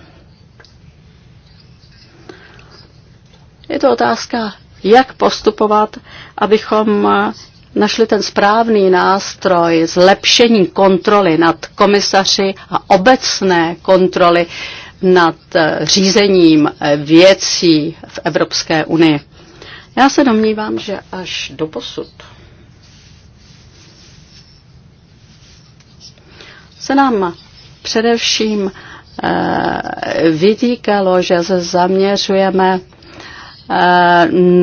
Je to otázka, jak postupovat, abychom našli ten správný nástroj zlepšení kontroly nad komisaři a obecné kontroly nad eh, řízením eh, věcí v Evropské unii. Já se domnívám, že až do posud se nám především eh, vytýkalo, že se zaměřujeme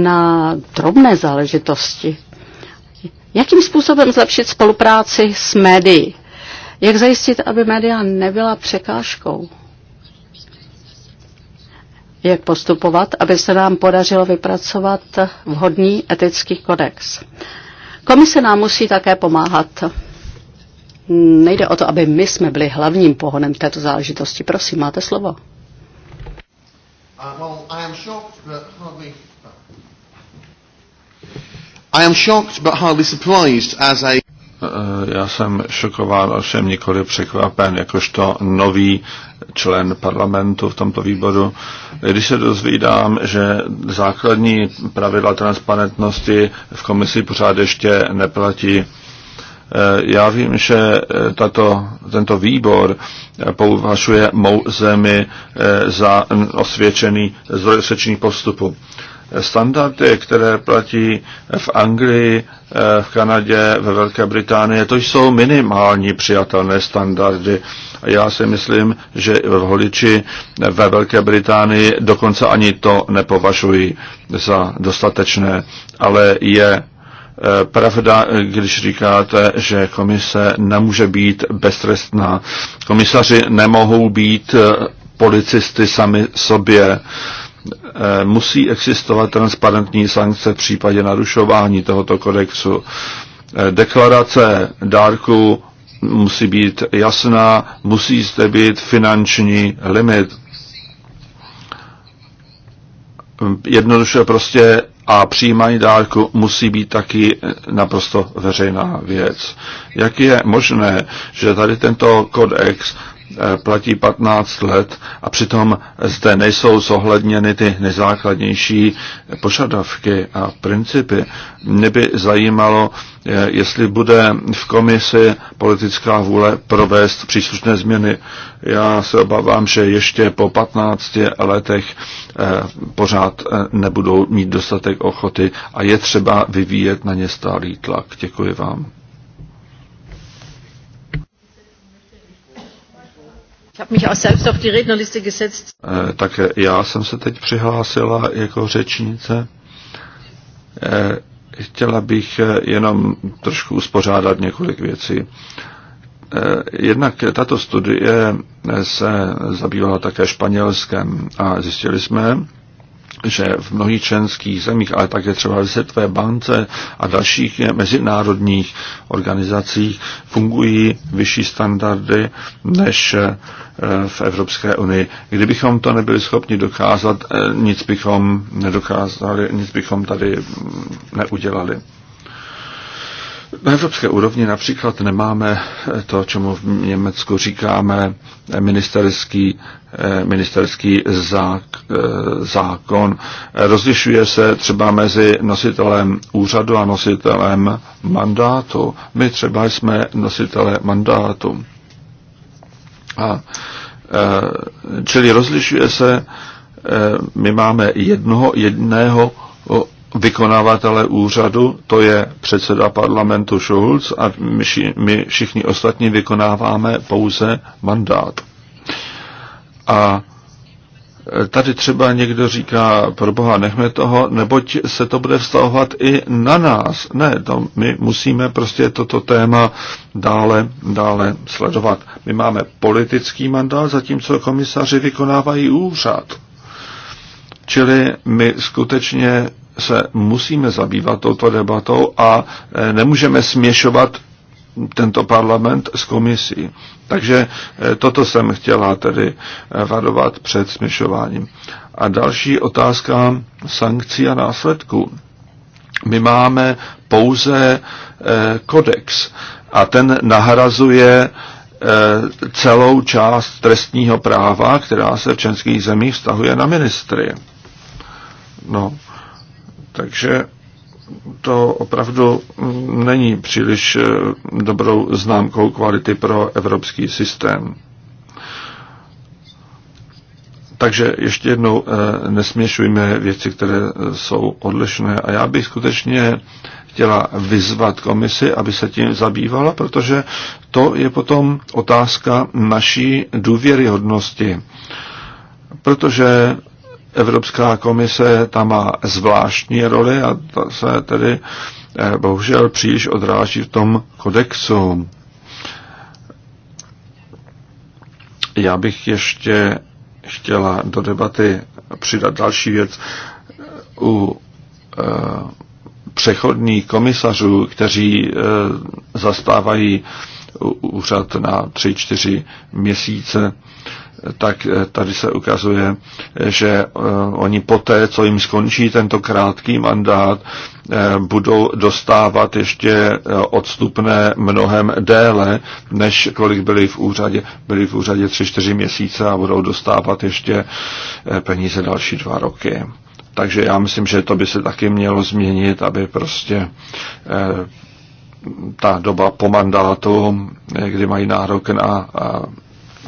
na drobné záležitosti, Jakým způsobem zlepšit spolupráci s médií? Jak zajistit, aby média nebyla překážkou? Jak postupovat, aby se nám podařilo vypracovat vhodný etický kodex? Komise nám musí také pomáhat. Nejde o to, aby my jsme byli hlavním pohonem této záležitosti. Prosím, máte slovo. Uh, well, I am that i am shocked but hardly surprised as a eh, eh, já jsem šokován, jsem nikoli překvapen, jakožto nový člen parlamentu v tomto výboru. Když se dozvídám, že základní pravidla transparentnosti v komisi pořád ještě neplatí, eh, já vím, že tato, tento výbor pouvažuje mou zemi za osvědčený zdroj postupu standardy, které platí v Anglii, eh, v Kanadě, ve Velké Británii, to jsou minimální přijatelné standardy. Já si myslím, že v holiči ve Velké Británii dokonce ani to nepovažují za dostatečné, ale je eh, pravda, když říkáte, že komise nemůže být beztrestná. Komisaři nemohou být eh, policisty sami sobě. Eh, musí existovat transparentní sankce v případě narušování tohoto kodexu. Eh, deklarace dárku musí být jasná, musí zde být finanční limit. Jednoduše prostě a přijímání dárku musí být taky eh, naprosto veřejná věc. Jak je možné, že tady tento kodex Eh, platí 15 let a přitom zde nejsou zohledněny ty nejzákladnější požadavky a principy. Mě by zajímalo, eh, jestli bude v komisi politická vůle provést příslušné změny. Já se obávám, že ještě po 15 letech eh, pořád nebudou mít dostatek ochoty a je třeba vyvíjet na ně stálý tlak. Děkuji vám. Eh, tak já jsem se teď přihlásila jako řečnice. Eh, chtěla bych jenom trošku uspořádat několik věcí. Eh, jednak tato studie se zabývala také Španělskem a zjistili jsme, že v mnohých členských zemích, ale také třeba v Světové bance a dalších mezinárodních organizacích fungují vyšší standardy než eh, v Evropské unii. Kdybychom to nebyli schopni dokázat, eh, nic bychom nedokázali, nic bychom tady mm, neudělali. Na evropské úrovni například nemáme eh, to, čemu v Německu říkáme eh, ministerský, eh, ministerský zák, zákon. Rozlišuje se třeba mezi nositelem úřadu a nositelem mandátu. My třeba jsme nositele mandátu. A, čili rozlišuje se, my máme jednoho, jedného vykonavatele úřadu, to je předseda parlamentu Schulz a my, my všichni ostatní vykonáváme pouze mandát. A tady třeba někdo říká, pro boha nechme toho, neboť se to bude vztahovat i na nás. Ne, to my musíme prostě toto téma dále, dále sledovat. My máme politický mandát, zatímco komisaři vykonávají úřad. Čili my skutečně se musíme zabývat touto debatou a e, nemůžeme směšovat tento parlament s komisí. Takže e, toto jsem chtěla tedy e, varovat před směšováním. A další otázka sankcí a následků. My máme pouze kodex a ten nahrazuje celou část trestního práva, která se v českých zemích vztahuje na ministry. No, takže to opravdu není příliš eh, dobrou známkou kvality pro evropský systém. Takže ještě jednou eh, nesměšujme věci, které jsou odlišné. A já bych skutečně chtěla vyzvat komisi, aby se tím zabývala, protože to je potom otázka naší důvěryhodnosti. Protože Evropská komise tam má zvláštní roli a ta se tedy eh, bohužel příliš odráží v tom kodexu. Já bych ještě chtěla do debaty přidat další věc. U e, eh, přechodných komisařů, kteří e, zastávají úřad na 3-4 měsíce, tak eh, tady se ukazuje, že eh, oni poté, co jim skončí tento krátký mandát, eh, budou dostávat ještě odstupné mnohem déle, než kolik byli v úřadě. Byli v úřadě 3-4 měsíce a budou dostávat ještě peníze další dva roky. Takže já myslím, že to by se taky mělo změnit, aby prostě ta doba po mandátu, kdy mají nárok na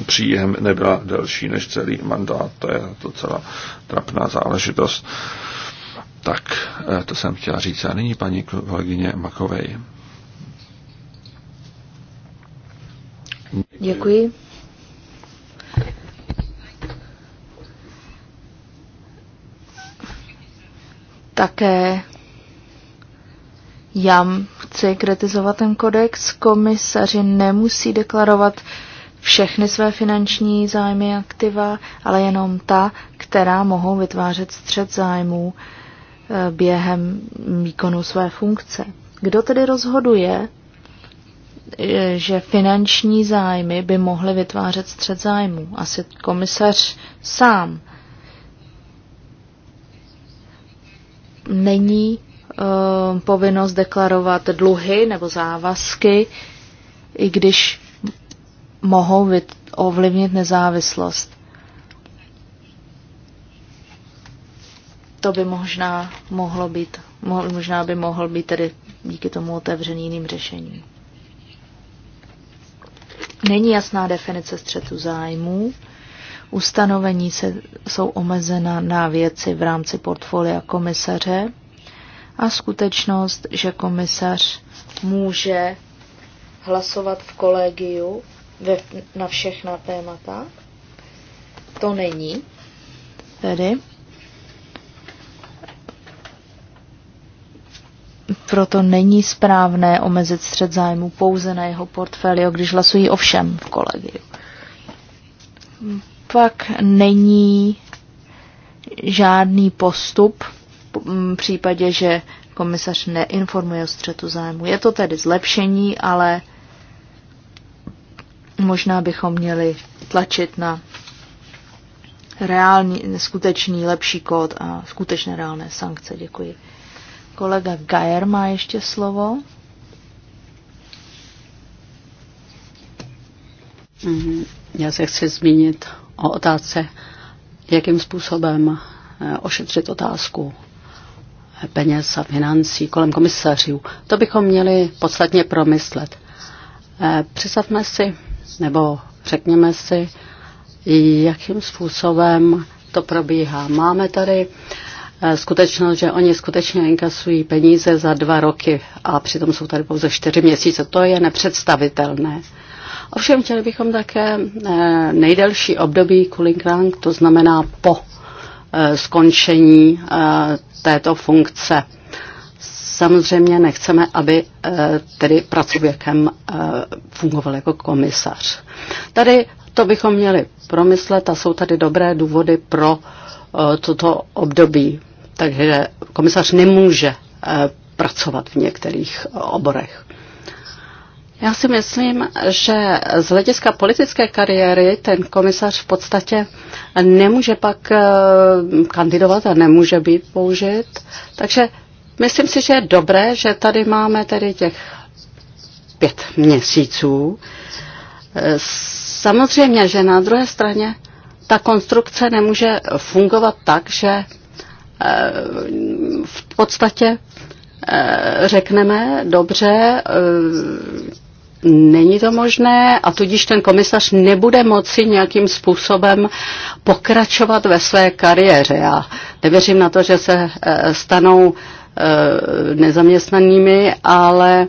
příjem nebyla delší než celý mandát. To je docela trapná záležitost. Tak, eh, to jsem chtěla říct. A nyní paní kolegyně Makovej. Děkuji. Také já chci kritizovat ten kodex. Komisaři nemusí deklarovat uh, všechny své finanční zájmy aktiva, ale jenom ta, která mohou vytvářet střed zájmů eh, během výkonu své funkce. Kdo tedy rozhoduje, eh, že finanční zájmy by mohly vytvářet střed zájmů? Asi komisař sám. Není eh, povinnost deklarovat dluhy nebo závazky, i když mohou ovlivnit nezávislost. To by možná mohlo být, možná by mohl být tedy díky tomu otevřený jiným řešením. Není jasná definice střetu zájmů. Ustanovení se, jsou omezena na věci v rámci portfolia komisaře a skutečnost, že komisař může hlasovat v kolegiu ve, na všechna témata. To není. Tedy. Proto není správné omezit střed zájmu pouze na jeho portfolio, když hlasují o všem v kolegiu. Pak není žádný postup v případě, že komisař neinformuje o střetu zájmu. Je to tedy zlepšení, ale Možná bychom měli tlačit na reální, skutečný lepší kód a skutečné reálné sankce. Děkuji. Kolega Gajer má ještě slovo. Mhm. Já se chci zmínit o otázce, jakým způsobem eh, ošetřit otázku peněz a financí kolem komisařů. To bychom měli podstatně promyslet. Eh, představme si nebo řekněme si, jakým způsobem to probíhá. Máme tady eh, skutečnost, že oni skutečně inkasují peníze za dva roky a přitom jsou tady pouze čtyři měsíce. To je nepředstavitelné. Ovšem chtěli bychom také eh, nejdelší období cooling rank, to znamená po eh, skončení této funkce. Samozřejmě nechceme, aby eh, tedy pracověkem eh, fungoval jako komisař. Tady to bychom měli promyslet a jsou tady dobré důvody pro eh, toto období. Takže komisař nemůže pracovat v některých oborech. Já si myslím, že z hlediska politické kariéry ten komisař v podstatě nemůže pak kandidovat a nemůže být použit. Takže Myslím si, že je dobré, že tady máme tedy těch pět měsíců. E, samozřejmě, že na druhé straně ta konstrukce nemůže fungovat tak, že e, v podstatě e, řekneme, dobře, není to možné a tudíž ten komisař nebude moci nějakým způsobem pokračovat ve své kariéře. Já nevěřím na to, že se stanou Eh, nezaměstnanými, ale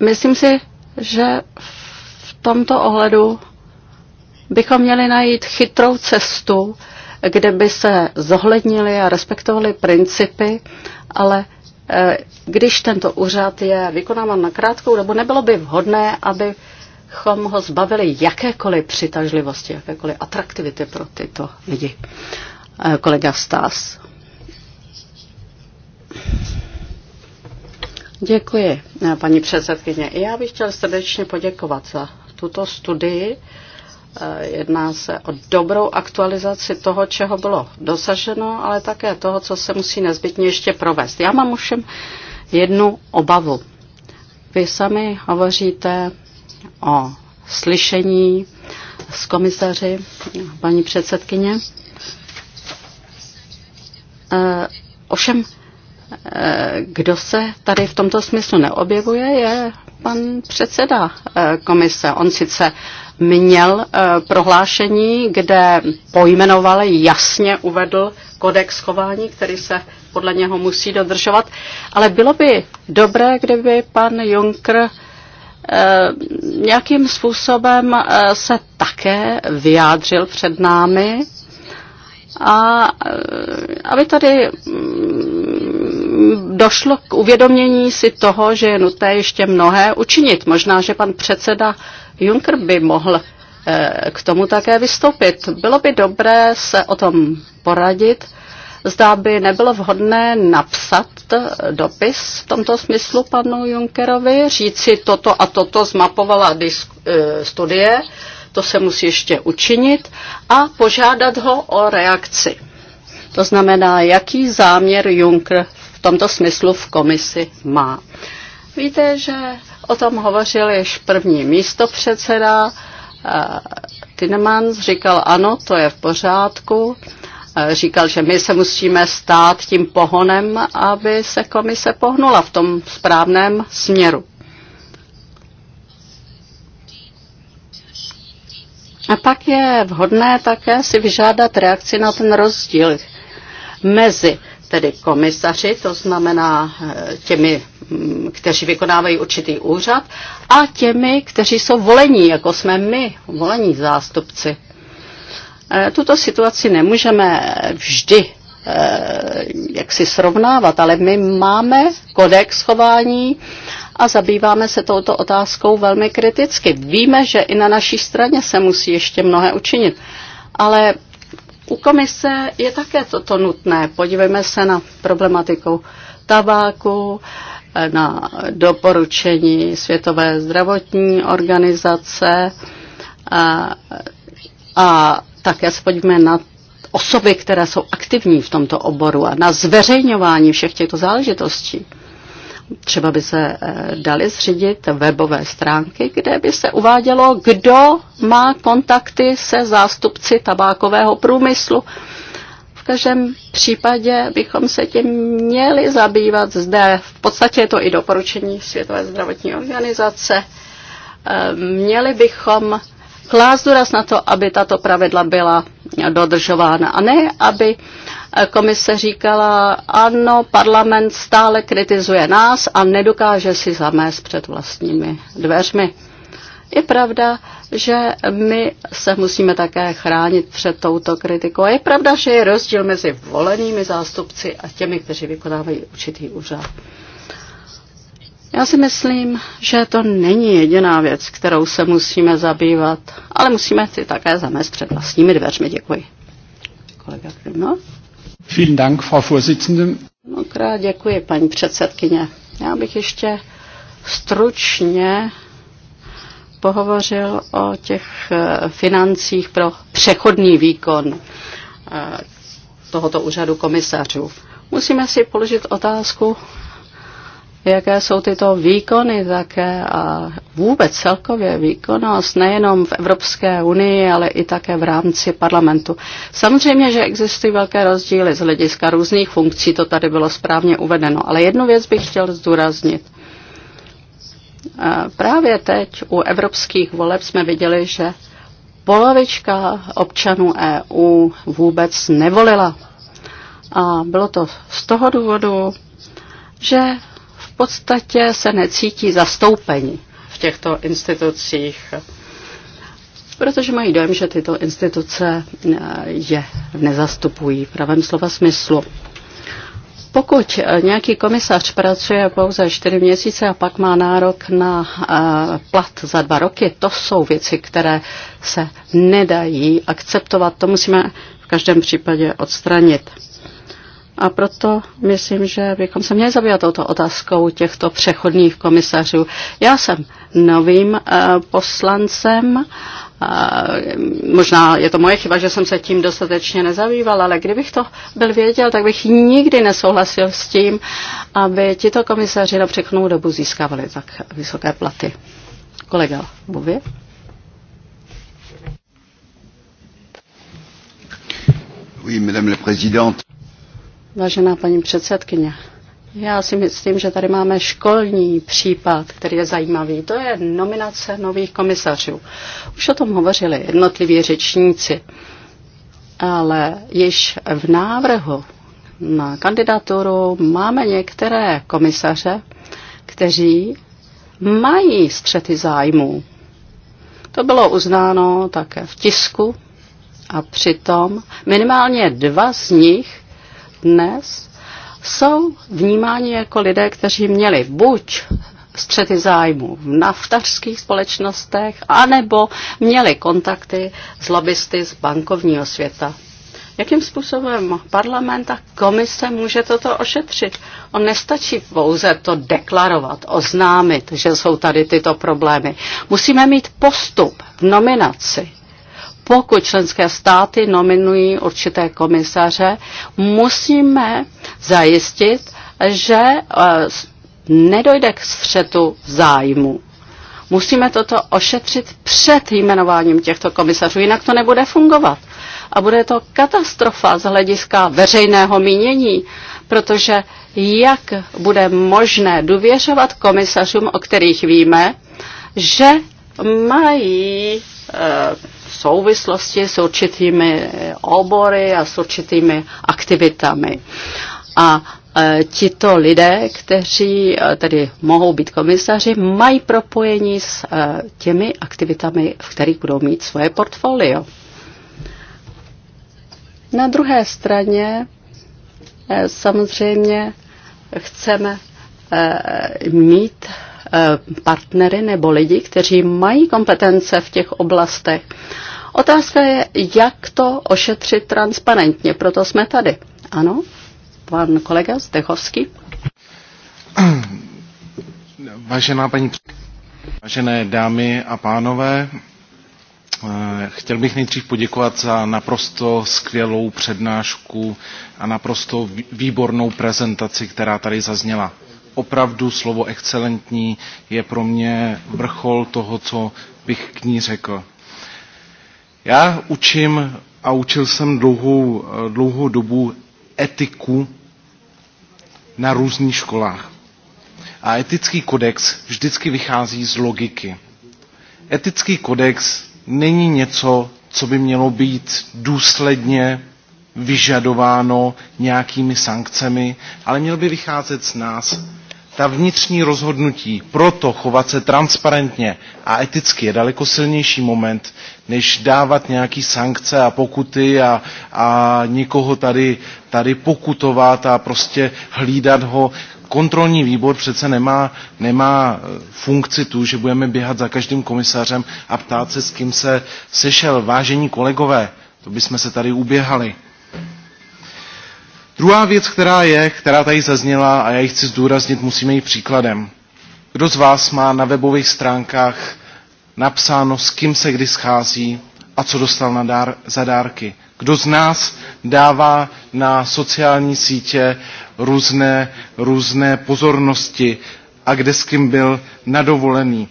myslím si, že v tomto ohledu bychom měli najít chytrou cestu, kde by se zohlednili a respektovali principy, ale eh, když tento úřad je vykonáván na krátkou dobu, nebylo by vhodné, abychom ho zbavili jakékoliv přitažlivosti, jakékoliv atraktivity pro tyto lidi. Eh, kolega Stas. Děkuji, eh, paní předsedkyně. Já bych chtěl srdečně poděkovat za tuto studii. Eh, jedná se o dobrou aktualizaci toho, čeho bylo dosaženo, ale také toho, co se musí nezbytně ještě provést. Já mám ovšem jednu obavu. Vy sami hovoříte o slyšení s komisaři, paní předsedkyně. Eh, ovšem, Eh, kdo se tady v tomto smyslu neobjevuje, je pan předseda eh, komise. On sice měl eh, prohlášení, kde pojmenoval, jasně uvedl kodex chování, který se podle něho musí dodržovat, ale bylo by dobré, kdyby pan Juncker nějakým způsobem se také vyjádřil před námi a eh, aby tady mm, došlo k uvědomění si toho, že je nutné ještě mnohé učinit. Možná, že pan předseda Juncker by mohl eh, k tomu také vystoupit. Bylo by dobré se o tom poradit. Zdá by nebylo vhodné napsat dopis v tomto smyslu panu Junckerovi, říci toto a toto zmapovala disk, eh, studie to se musí ještě učinit, a požádat ho o reakci. To znamená, jaký záměr Juncker v tomto smyslu v komisi má. Víte, že o tom hovořil již první místopředseda eh, Tinemans, říkal ano, to je v pořádku, eh, říkal, že my se musíme stát tím pohonem, aby se komise pohnula v tom správném směru. A pak je vhodné také si vyžádat reakci na ten rozdíl mezi tedy komisaři, to znamená eh, těmi, mm, kteří vykonávají určitý úřad, a těmi, kteří jsou volení, jako jsme my, volení zástupci. Eh, tuto situaci nemůžeme vždy eh, jak si srovnávat, ale my máme kodex chování a zabýváme se touto otázkou velmi kriticky. Víme, že i na naší straně se musí ještě mnohé učinit, ale u komise je také toto nutné. Podívejme se na problematiku tabáku, na doporučení Světové zdravotní organizace a, a také se podívejme na osoby, které jsou aktivní v tomto oboru a na zveřejňování všech těchto záležitostí. Třeba by se eh, dali zřídit webové stránky, kde by se uvádělo, kdo má kontakty se zástupci tabákového průmyslu. V každém případě bychom se tím měli zabývat zde. V podstatě je to i doporučení Světové zdravotní organizace. Eh, měli bychom klást důraz na to, aby tato pravidla byla dodržována a ne, aby Komise říkala, ano, parlament stále kritizuje nás a nedokáže si zamést před vlastními dveřmi. Je pravda, že my se musíme také chránit před touto kritikou. A je pravda, že je rozdíl mezi volenými zástupci a těmi, kteří vykonávají určitý úřad. Já si myslím, že to není jediná věc, kterou se musíme zabývat, ale musíme si také zamést před vlastními dveřmi. Děkuji. Kolega Krymno. Vielen Dank, Frau Vorsitzende. Mnohokrát děkuji, paní předsedkyně. Já bych ještě stručně pohovořil o těch eh, financích pro přechodný výkon eh, tohoto úřadu komisařů. Musíme si položit otázku, jaké jsou tyto výkony také a vůbec celkově výkonnost nejenom v Evropské unii, ale i také v rámci parlamentu. Samozřejmě, že existují velké rozdíly z hlediska různých funkcí, to tady bylo správně uvedeno, ale jednu věc bych chtěl zdůraznit. Právě teď u evropských voleb jsme viděli, že polovička občanů EU vůbec nevolila. A bylo to z toho důvodu, že v podstatě se necítí zastoupení v těchto institucích, protože mají dojem, že tyto instituce eh, je nezastupují v pravém slova smyslu. Pokud eh, nějaký komisař pracuje pouze čtyři měsíce a pak má nárok na eh, plat za dva roky, to jsou věci, které se nedají akceptovat. To musíme v každém případě odstranit. A proto myslím, že bychom se měli zabývat touto otázkou těchto přechodných komisařů. Já jsem novým eh, poslancem, eh, možná je to moje chyba, že jsem se tím dostatečně nezabýval, ale kdybych to byl věděl, tak bych nikdy nesouhlasil s tím, aby tito komisaři na přechodnou dobu získávali tak vysoké platy. Kolega Bově. Oui, madame la présidente. Vážená paní předsedkyně, já si myslím, že tady máme školní případ, který je zajímavý. To je nominace nových komisařů. Už o tom hovořili jednotliví řečníci, ale již v návrhu na kandidaturu máme některé komisaře, kteří mají střety zájmů. To bylo uznáno také v tisku a přitom minimálně dva z nich dnes jsou vnímáni jako lidé, kteří měli buď střety zájmu v naftařských společnostech, anebo měli kontakty s lobbysty z bankovního světa. Jakým způsobem parlament a komise může toto ošetřit? On nestačí pouze to deklarovat, oznámit, že jsou tady tyto problémy. Musíme mít postup v nominaci pokud členské státy nominují určité komisaře, musíme zajistit, že eh, nedojde k střetu zájmu. Musíme toto ošetřit před jmenováním těchto komisařů, jinak to nebude fungovat. A bude to katastrofa z hlediska veřejného mínění, protože jak bude možné důvěřovat komisařům, o kterých víme, že mají eh, souvislosti s určitými obory a s určitými aktivitami. A e, tito lidé, kteří e, tedy mohou být komisaři, mají propojení s e, těmi aktivitami, v kterých budou mít svoje portfolio. Na druhé straně samozřejmě chceme mít Eh, partnery nebo lidi, kteří mají kompetence v těch oblastech. Otázka je, jak to ošetřit transparentně, proto jsme tady. Ano, pan kolega Zdechovský. Vážená paní vážené dámy a pánové, eh, Chtěl bych nejdřív poděkovat za naprosto skvělou přednášku a naprosto výbornou prezentaci, která tady zazněla opravdu slovo excelentní je pro mě vrchol toho, co bych k ní řekl. Já učím a učil jsem dlouhou, dlouhou dobu etiku na různých školách. A etický kodex vždycky vychází z logiky. Etický kodex není něco, co by mělo být důsledně vyžadováno nějakými sankcemi, ale měl by vycházet z nás, ta vnitřní rozhodnutí proto chovat se transparentně a eticky je daleko silnější moment, než dávat nějaké sankce a pokuty a, a někoho tady, tady pokutovat a prostě hlídat ho. Kontrolní výbor přece nemá, nemá eh, funkci tu, že budeme běhat za každým komisařem a ptát se, s kým se sešel. Vážení kolegové, to bychom se tady uběhali. Druhá věc, která je, která tady zazněla a já ji chci zdůraznit, musíme jít příkladem. Kdo z vás má na webových stránkách napsáno, s kým se kdy schází a co dostal na dár, za dárky? Kdo z nás dává na sociální sítě různé, různé pozornosti a kde s kým byl nadovolený?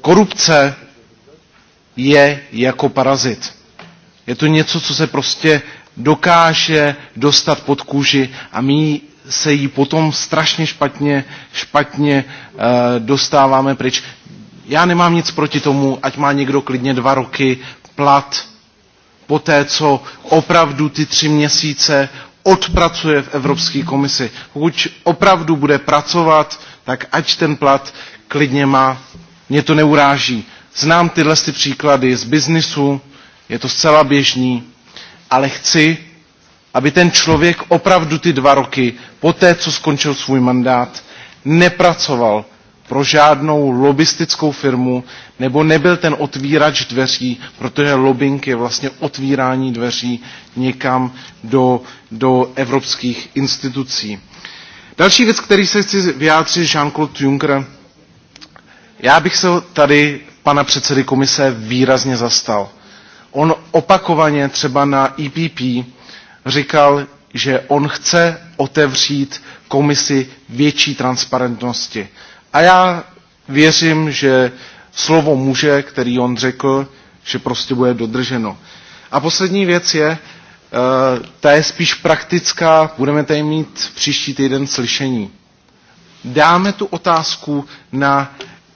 Korupce je jako parazit. Je to něco, co se prostě dokáže dostat pod kůži a my se jí potom strašně špatně, špatně uh, dostáváme pryč. Já nemám nic proti tomu, ať má někdo klidně dva roky plat po té, co opravdu ty tři měsíce odpracuje v Evropské komisi. Pokud opravdu bude pracovat, tak ať ten plat klidně má. Mě to neuráží. Znám tyhle ty příklady z biznisu, je to zcela běžný ale chci, aby ten člověk opravdu ty dva roky, po té, co skončil svůj mandát, nepracoval pro žádnou lobistickou firmu, nebo nebyl ten otvírač dveří, protože lobbying je vlastně otvírání dveří někam do, do evropských institucí. Další věc, který se chci vyjádřit, Jean-Claude Juncker, já bych se tady pana předsedy komise výrazně zastal. On opakovaně třeba na EPP říkal, že on chce otevřít komisi větší transparentnosti. A já věřím, že slovo muže, který on řekl, že prostě bude dodrženo. A poslední věc je, eh, ta je spíš praktická, budeme tady mít příští týden slyšení. Dáme tu otázku na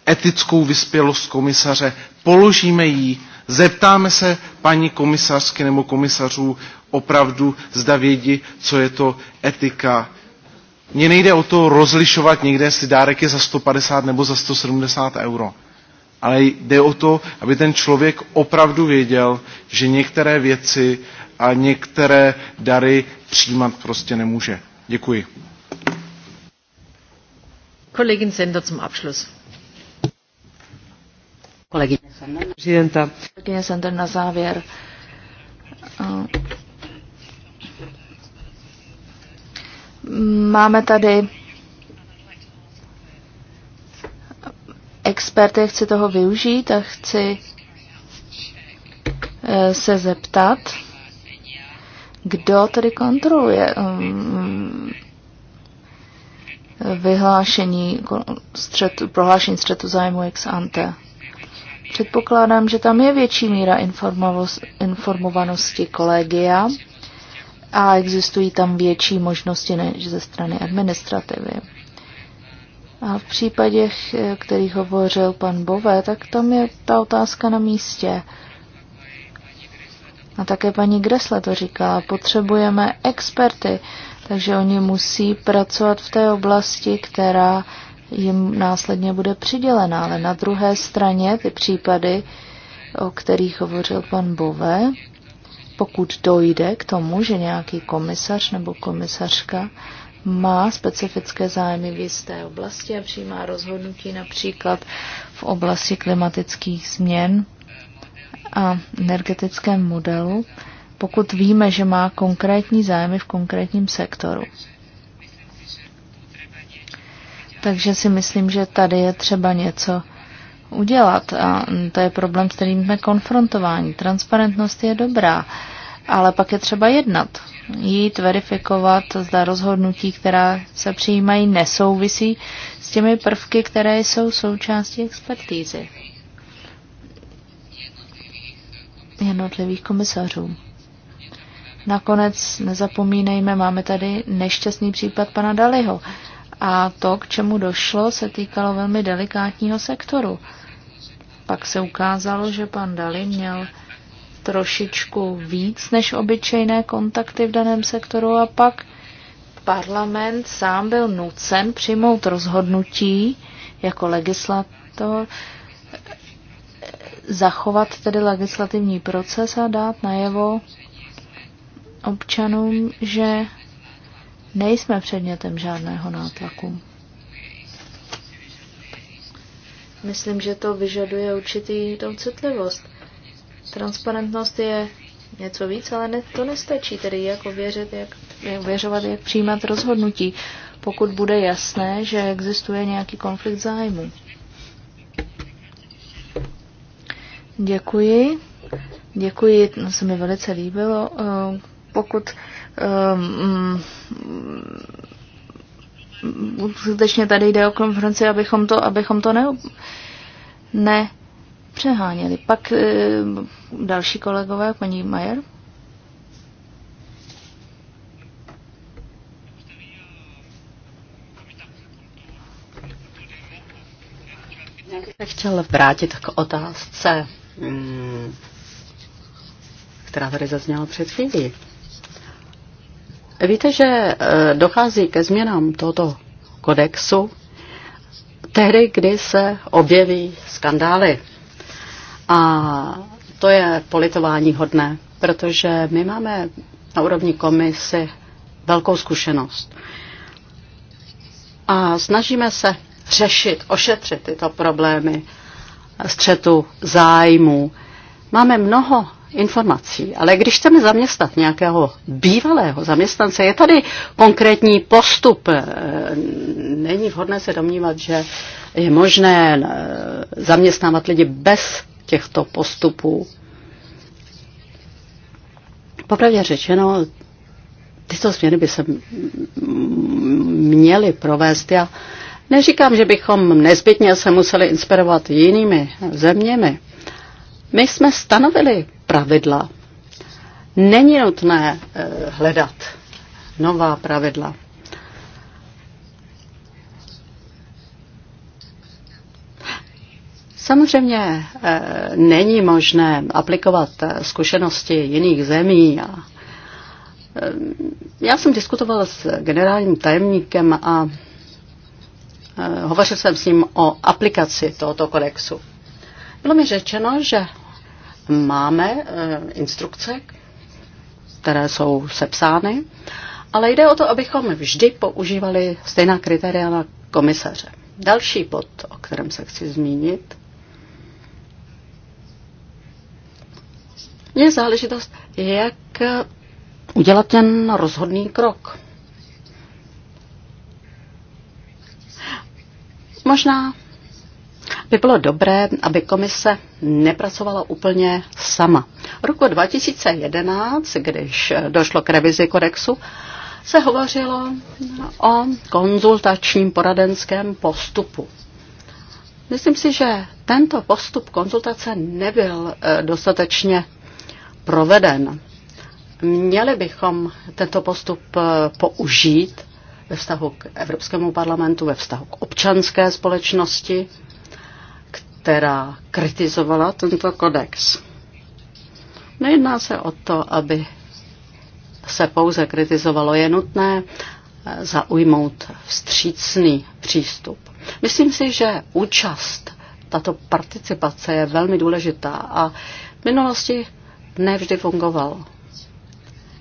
etickou vyspělost komisaře, položíme ji Zeptáme se paní komisařky nebo komisařů opravdu, zda vědí, co je to etika. Mně nejde o to rozlišovat někde, jestli dárek je za 150 nebo za 170 euro. Ale jde o to, aby ten člověk opravdu věděl, že některé věci a některé dary přijímat prostě nemůže. Děkuji. Kollegin Sender zum Abschluss. Kolegyně Sander na závěr. Máme tady experty, chci toho využít a chci eh, se zeptat, kdo tedy kontroluje ehm, vyhlášení střetu, prohlášení střetu zájmu ex ante. Předpokládám, že tam je větší míra informovanosti kolegia a existují tam větší možnosti než ze strany administrativy. A v případech, kterých hovořil pan Bové, tak tam je ta otázka na místě. A také paní Gresle to říkala, potřebujeme experty, takže oni musí pracovat v té oblasti, která jim následně bude přidělena. Ale na druhé straně ty případy, o kterých hovořil pan Bové, pokud dojde k tomu, že nějaký komisař nebo komisařka má specifické zájmy v jisté oblasti a přijímá rozhodnutí například v oblasti klimatických změn a energetickém modelu, pokud víme, že má konkrétní zájmy v konkrétním sektoru. Takže si myslím, že tady je třeba něco udělat. A to je problém, s kterým jsme konfrontováni. Transparentnost je dobrá, ale pak je třeba jednat. Jít verifikovat, zda rozhodnutí, která se přijímají, nesouvisí s těmi prvky, které jsou součástí expertízy jednotlivých komisařů. Nakonec nezapomínejme, máme tady nešťastný případ pana Daliho. A to, k čemu došlo, se týkalo velmi delikátního sektoru. Pak se ukázalo, že pan Dali měl trošičku víc než obyčejné kontakty v daném sektoru a pak parlament sám byl nucen přijmout rozhodnutí jako legislator, zachovat tedy legislativní proces a dát najevo občanům, že nejsme předmětem žádného nátlaku. Myslím, že to vyžaduje určitý tou citlivost. Transparentnost je něco víc, ale ne, to nestačí, tedy jak ověřit, jak, jak věřovat, jak přijímat rozhodnutí, pokud bude jasné, že existuje nějaký konflikt zájmu. Děkuji. Děkuji, to se mi velice líbilo. Eh, pokud um, skutečně tady jde o konferenci, abychom to, abychom to ne, ne přeháněli. Pak e, další kolegové, paní Majer. Já bych chtěl vrátit k otázce, mm, která tady zazněla před chvílí. Víte, že eh, dochází ke změnám tohoto kodexu tehdy, kdy se objeví skandály. A to je politování hodné, protože my máme na úrovni komisy velkou zkušenost. A snažíme se řešit, ošetřit tyto problémy střetu zájmů. Máme mnoho informací. Ale když chceme zaměstnat nějakého bývalého zaměstnance, je tady konkrétní postup. E, není vhodné se domnívat, že je možné e, zaměstnávat lidi bez těchto postupů. Popravdě řečeno, tyto změny by se měly provést. Já neříkám, že bychom nezbytně se museli inspirovat jinými zeměmi. My jsme stanovili pravidla. Není nutné eh, hledat nová pravidla. Samozřejmě eh, není možné aplikovat eh, zkušenosti jiných zemí. A já jsem diskutovala s generálním tajemníkem a hovořil jsem s ním o aplikaci tohoto kodexu. Bylo mi řečeno, že máme eh, instrukce, které jsou sepsány, ale jde o to, abychom vždy používali stejná kritéria na komisaře. Další bod, o kterém se chci zmínit, je záležitost, jak udělat ten rozhodný krok. Možná by bylo dobré, aby komise nepracovala úplně sama. V roku 2011, když došlo k revizi kodexu, se hovořilo o konzultačním poradenském postupu. Myslím si, že tento postup konzultace nebyl eh, dostatečně proveden. Měli bychom tento postup eh, použít ve vztahu k Evropskému parlamentu, ve vztahu k občanské společnosti která kritizovala tento kodex. Nejedná se o to, aby se pouze kritizovalo, je nutné eh, zaujmout vstřícný přístup. Myslím si, že účast, tato participace je velmi důležitá a v minulosti nevždy fungovalo.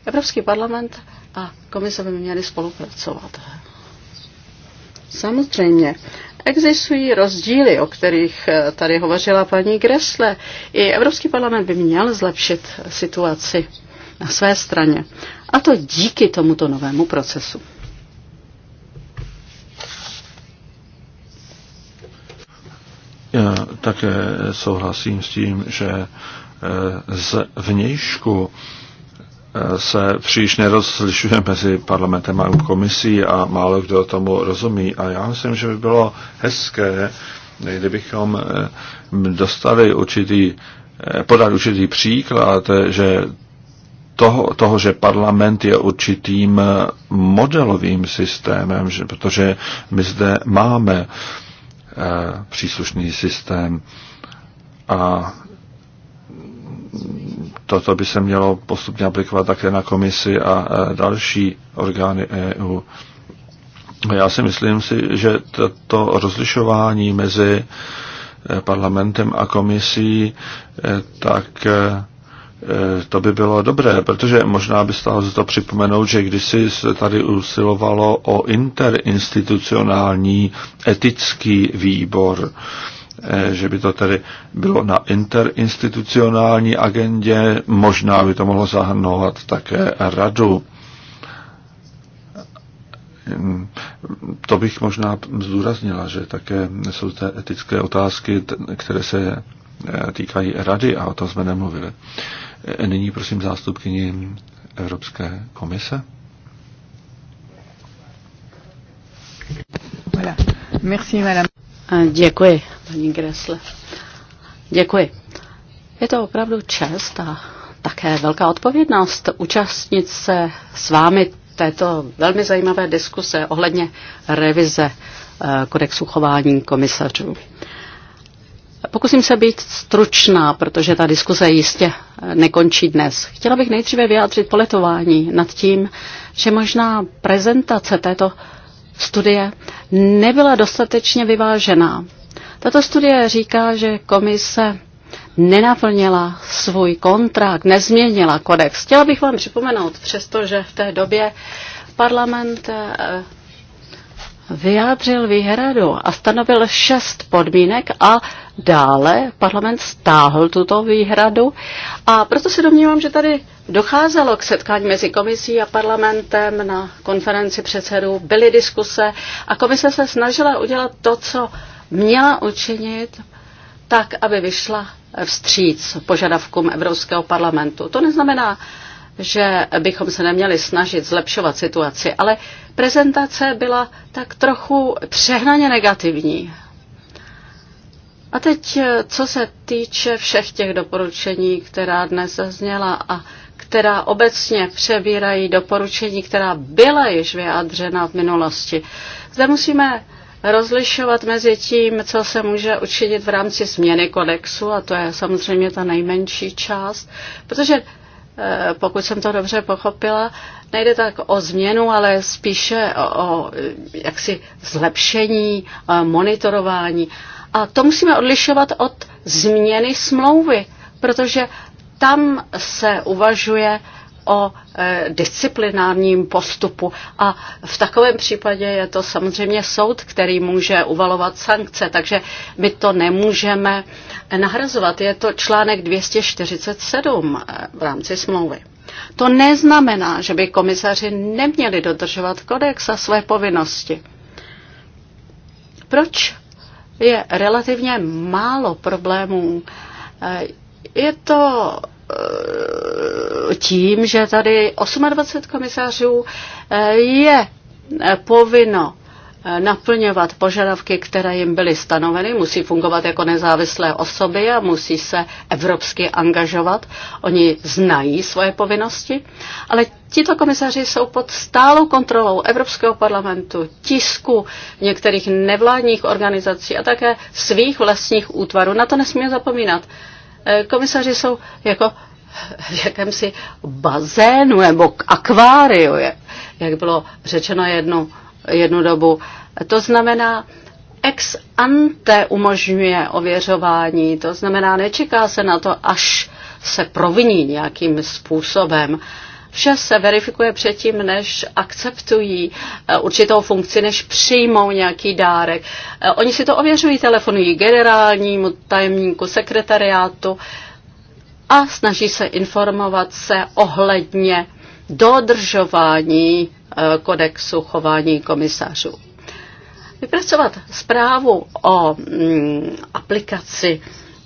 Evropský parlament a komise by měly spolupracovat. Samozřejmě, Existují rozdíly, o kterých eh, tady hovořila paní Gresle. I Evropský parlament by měl zlepšit situaci na své straně. A to díky tomuto novému procesu. Já také souhlasím s tím, že eh, z vnějšku se příliš nerozlišuje mezi parlamentem a komisí a málo kdo tomu rozumí. A já myslím, že by bylo hezké, kdybychom eh, dostali určitý, eh, podat určitý příklad, že toho, toho, že parlament je určitým eh, modelovým systémem, že, protože my zde máme e, příslušný systém a toto by se mělo postupně aplikovat také na komisi a další orgány EU. Já si myslím si, že to rozlišování mezi e, parlamentem a komisí, e, tak e, to by bylo dobré, protože možná by stálo za to připomenout, že kdysi se tady usilovalo o interinstitucionální etický výbor. Eh, že by to tedy bylo na interinstitucionální agendě, možná by to mohlo zahrnovat také radu. To bych možná zdůraznila, že také jsou to etické otázky, které se eh, týkají rady a o tom jsme nemluvili. Eh, nyní prosím zástupkyni Evropské komise. Voilà. Merci, madame. Děkuji, paní Gresle. Děkuji. Je to opravdu čest a také velká odpovědnost účastnit se s vámi této velmi zajímavé diskuse ohledně revize eh, kodexu chování komisařů. Pokusím se být stručná, protože ta diskuze jistě nekončí dnes. Chtěla bych nejdříve vyjádřit poletování nad tím, že možná prezentace této studie nebyla dostatečně vyvážená. Tato studie říká, že komise nenaplnila svůj kontrakt, nezměnila kodex. Chtěla bych vám připomenout, přestože v té době parlament eh, vyjádřil výhradu a stanovil šest podmínek a dále parlament stáhl tuto výhradu a proto se domnívám, že tady docházelo k setkání mezi komisí a parlamentem na konferenci předsedů, byly diskuse a komise se snažila udělat to, co měla učinit, tak, aby vyšla vstříc požadavkům Evropského parlamentu. To neznamená, že bychom se neměli snažit zlepšovat situaci, ale prezentace byla tak trochu přehnaně negativní. A teď, co se týče všech těch doporučení, která dnes zazněla a která obecně přebírají doporučení, která byla již vyjádřena v minulosti. Zde musíme rozlišovat mezi tím, co se může učinit v rámci změny kodexu, a to je samozřejmě ta nejmenší část, protože Eh, pokud jsem to dobře pochopila, nejde tak o změnu, ale spíše o, o eh, jaksi zlepšení, eh, monitorování. A to musíme odlišovat od změny smlouvy, protože tam se uvažuje o e, disciplinárním postupu a v takovém případě je to samozřejmě soud, který může uvalovat sankce, takže my to nemůžeme nahrazovat. Je to článek 247 e, v rámci smlouvy. To neznamená, že by komisaři neměli dodržovat kodex a své povinnosti. Proč je relativně málo problémů? E, je to tím, že tady 28 komisařů eh, je eh, povinno eh, naplňovat požadavky, které jim byly stanoveny, musí fungovat jako nezávislé osoby a musí se evropsky angažovat. Oni znají svoje povinnosti, ale tito komisaři jsou pod stálou kontrolou Evropského parlamentu, tisku, některých nevládních organizací a také svých vlastních útvarů. Na to nesmíme zapomínat. Komisaři jsou jako v jakémsi bazénu nebo akváriu, jak bylo řečeno jednu, jednu dobu. To znamená, ex ante umožňuje ověřování, to znamená, nečeká se na to, až se proviní nějakým způsobem. Vše se verifikuje předtím, než akceptují eh, určitou funkci, než přijmou nějaký dárek. Eh, oni si to ověřují, telefonují generálnímu tajemníku, sekretariátu, a snaží se informovat se ohledně dodržování eh, kodexu chování komisařů. Vypracovat zprávu o mm, aplikaci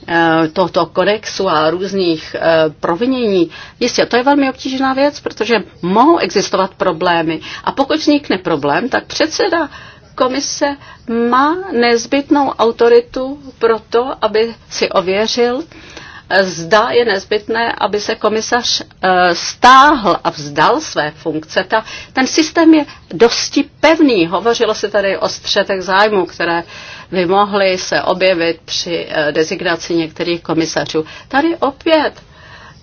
eh, tohoto kodexu a různých eh, provinění. Jistě, to je velmi obtížná věc, protože mohou existovat problémy. A pokud vznikne problém, tak předseda komise má nezbytnou autoritu pro to, aby si ověřil, zda je nezbytné, aby se komisař eh, stáhl a vzdal své funkce. Ta, ten systém je dosti pevný. Hovořilo se tady o střetech zájmu, které by mohly se objevit při eh, dezignaci některých komisařů. Tady opět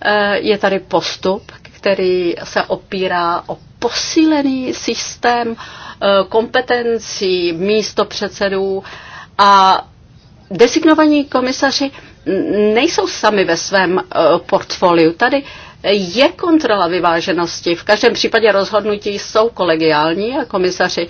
eh, je tady postup, který se opírá o posílený systém kompetencí místo předsedů a designovaní komisaři nejsou sami ve svém eh, portfoliu. Tady je kontrola vyváženosti. V každém případě rozhodnutí jsou kolegiální a komisaři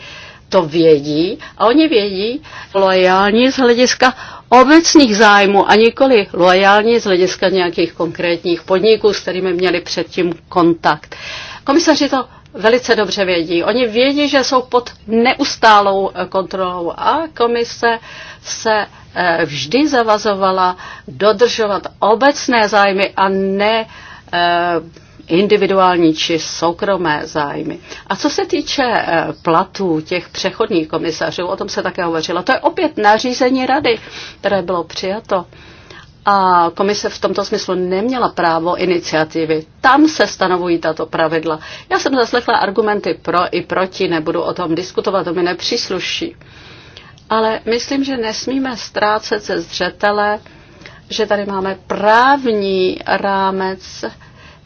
to vědí a oni vědí loajální z hlediska obecných zájmů a nikoli loajální z hlediska nějakých konkrétních podniků, s kterými měli předtím kontakt. Komisaři to velice dobře vědí. Oni vědí, že jsou pod neustálou eh, kontrolou a komise se Eh, vždy zavazovala dodržovat obecné zájmy a ne eh, individuální či soukromé zájmy. A co se týče eh, platů těch přechodních komisařů, o tom se také hovořilo, to je opět nařízení rady, které bylo přijato. A komise v tomto smyslu neměla právo iniciativy. Tam se stanovují tato pravidla. Já jsem zaslechla argumenty pro i proti, nebudu o tom diskutovat, to mi nepřísluší. Uh, ale myslím, že nesmíme ztrácet ze zřetele, že tady máme právní rámec,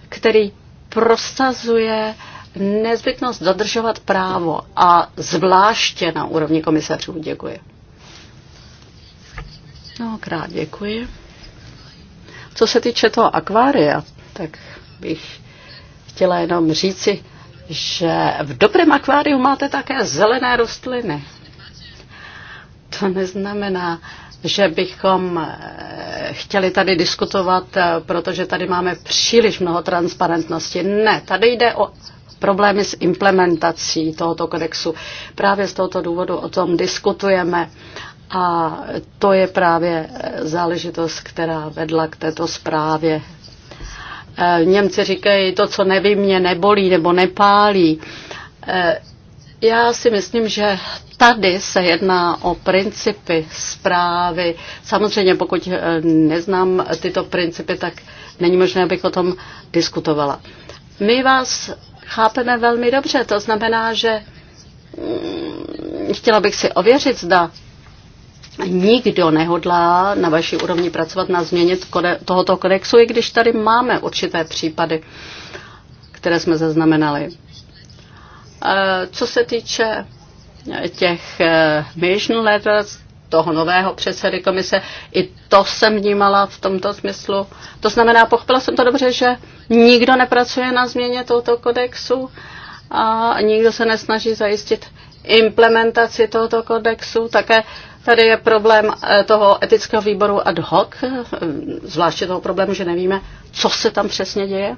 který prosazuje nezbytnost dodržovat právo a zvláště na úrovni komisařů. Děkuji. No, krát děkuji. Co se týče toho akvária, tak bych chtěla jenom říci, že v dobrém akváriu máte také zelené rostliny. To neznamená, že bychom eh, chtěli tady diskutovat, eh, protože tady máme příliš mnoho transparentnosti. Ne, tady jde o problémy s implementací tohoto kodexu. Právě z tohoto důvodu o tom diskutujeme a to je právě eh, záležitost, která vedla k této zprávě. Němci říkají, to, co nevím, mě nebolí nebo nepálí já si myslím, že tady se jedná o principy zprávy. Samozřejmě, pokud eh, neznám tyto principy, tak není možné, abych o tom diskutovala. My vás chápeme velmi dobře, to znamená, že mm, chtěla bych si ověřit, zda nikdo nehodlá na vaší úrovni pracovat na změně tohoto kodexu, i když tady máme určité případy, které jsme zaznamenali. Eh, co se týče eh, těch mission eh, letters, toho nového předsedy komise, i to jsem vnímala v tomto smyslu. To znamená, pochopila jsem to dobře, že nikdo nepracuje na změně tohoto kodexu a nikdo se nesnaží zajistit implementaci tohoto kodexu. Také tady je problém toho etického výboru ad hoc, zvláště toho problému, že nevíme, co se tam přesně děje.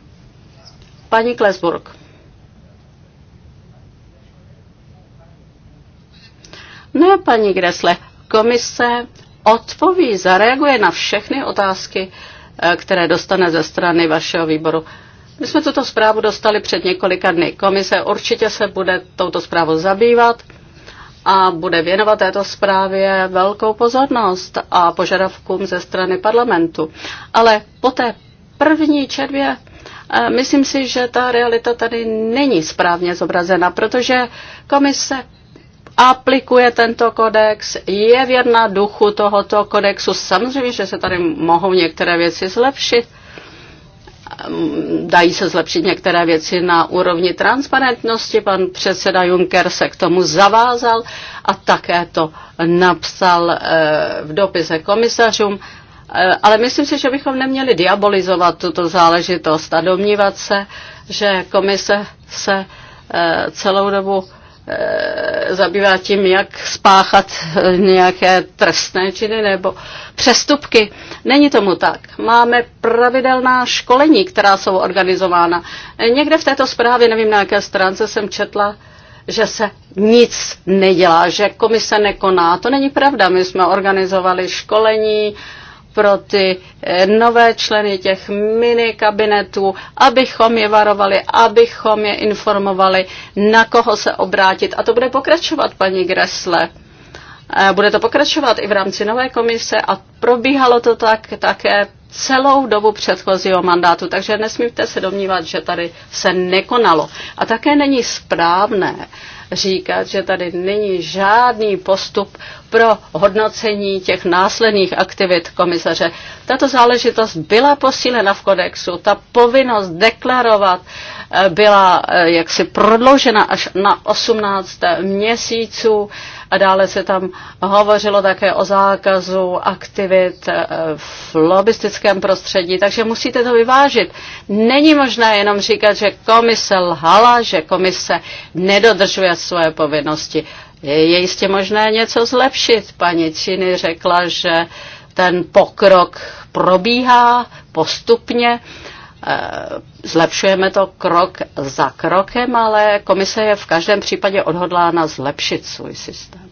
Paní Klesburg. Ne, no paní Gresle, komise odpoví, zareaguje na všechny otázky, eh, které dostane ze strany vašeho výboru. My jsme tuto zprávu dostali před několika dny. Komise určitě se bude touto zprávou zabývat a bude věnovat této zprávě velkou pozornost a požadavkům ze strany parlamentu. Ale po té první červě eh, myslím si, že ta realita tady není správně zobrazena, protože komise aplikuje tento kodex, je věrna duchu tohoto kodexu. Samozřejmě, že se tady mohou některé věci zlepšit. Ehm, dají se zlepšit některé věci na úrovni transparentnosti. Pan předseda Juncker se k tomu zavázal a také to napsal eh, v dopise komisařům. Eh, ale myslím si, že bychom neměli diabolizovat tuto záležitost a domnívat se, že komise se eh, celou dobu Eh, zabývá tím, jak spáchat eh, nějaké trestné činy nebo přestupky. Není tomu tak. Máme pravidelná školení, která jsou organizována. Eh, někde v této zprávě, nevím na jaké stránce jsem četla, že se nic nedělá, že komise nekoná. To není pravda. My jsme organizovali školení, pro ty eh, nové členy těch mini kabinetů, abychom je varovali, abychom je informovali, na koho se obrátit. A to bude pokračovat, paní Gresle. Eh, bude to pokračovat i v rámci nové komise a probíhalo to tak také celou dobu předchozího mandátu, takže nesmíte se domnívat, že tady se nekonalo. A také není správné říkat, že tady není žádný postup pro hodnocení těch následných aktivit komisaře. Tato záležitost byla posílena v kodexu, ta povinnost deklarovat eh, byla eh, jaksi prodloužena až na 18 měsíců a dále se tam hovořilo také o zákazu aktivit eh, v lobistickém prostředí, takže musíte to vyvážit. Není možné jenom říkat, že komise lhala, že komise nedodržuje své povinnosti je jistě možné něco zlepšit. Paní Činy řekla, že ten pokrok probíhá postupně, eh, zlepšujeme to krok za krokem, ale komise je v každém případě odhodlána zlepšit svůj systém.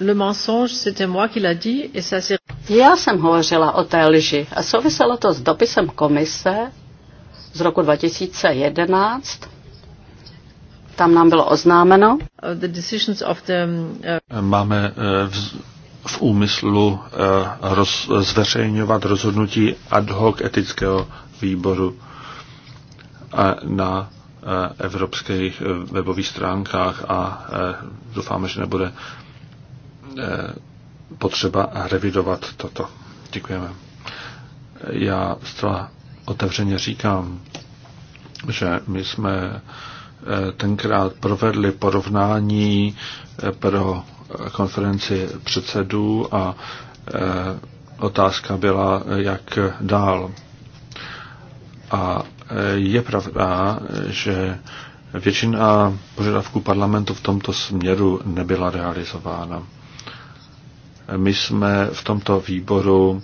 Le mensonge, c'était moi qui l'a dit, et ça c'est... Já jsem hovořila o té lži a souviselo to s dopisem komise z roku 2011, tam nám bylo oznámeno. Uh, um, uh, Máme uh, v úmyslu roz, zveřejňovat rozhodnutí ad hoc etického výboru na evropských webových stránkách a doufáme, že nebude potřeba revidovat toto. Děkujeme. Já zcela otevřeně říkám, že my jsme tenkrát provedli porovnání eh, pro eh, konferenci předsedů a eh, otázka byla, jak dál. A je pravda, že většina požadavků parlamentu v tomto směru nebyla realizována. My jsme v tomto výboru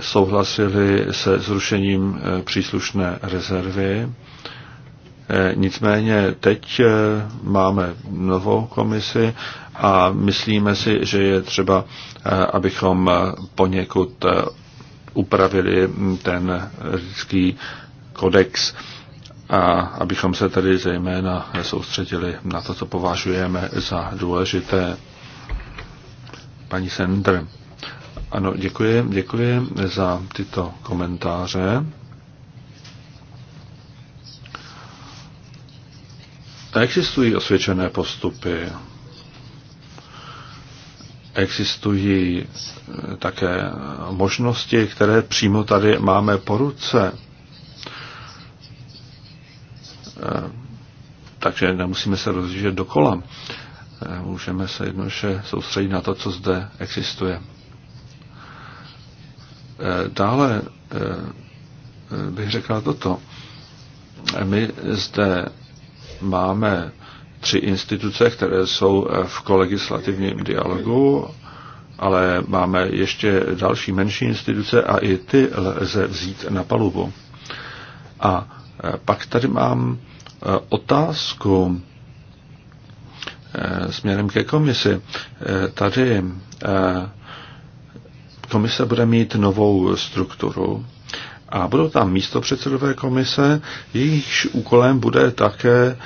souhlasili se zrušením příslušné rezervy E, nicméně teď e, máme novou komisi a myslíme si, že je třeba, e, abychom poněkud upravili ten lidský kodex a abychom se tedy zejména soustředili na to, co považujeme za důležité. Paní Sender. Ano, děkuji, děkuji za tyto komentáře. Existují osvědčené postupy, existují eh, také možnosti, které přímo tady máme po ruce. Eh, takže nemusíme se rozjíždět dokola. Eh, můžeme se jednoduše soustředit na to, co zde existuje. Dále bych řekla toto. My zde máme tři instituce, které jsou v kolegislativním dialogu, ale máme ještě další menší instituce a i ty lze vzít na palubu. A e, pak tady mám e, otázku e, směrem ke komisi. Tady komise bude mít novou strukturu a budou tam místo předsedové komise, jejichž úkolem bude také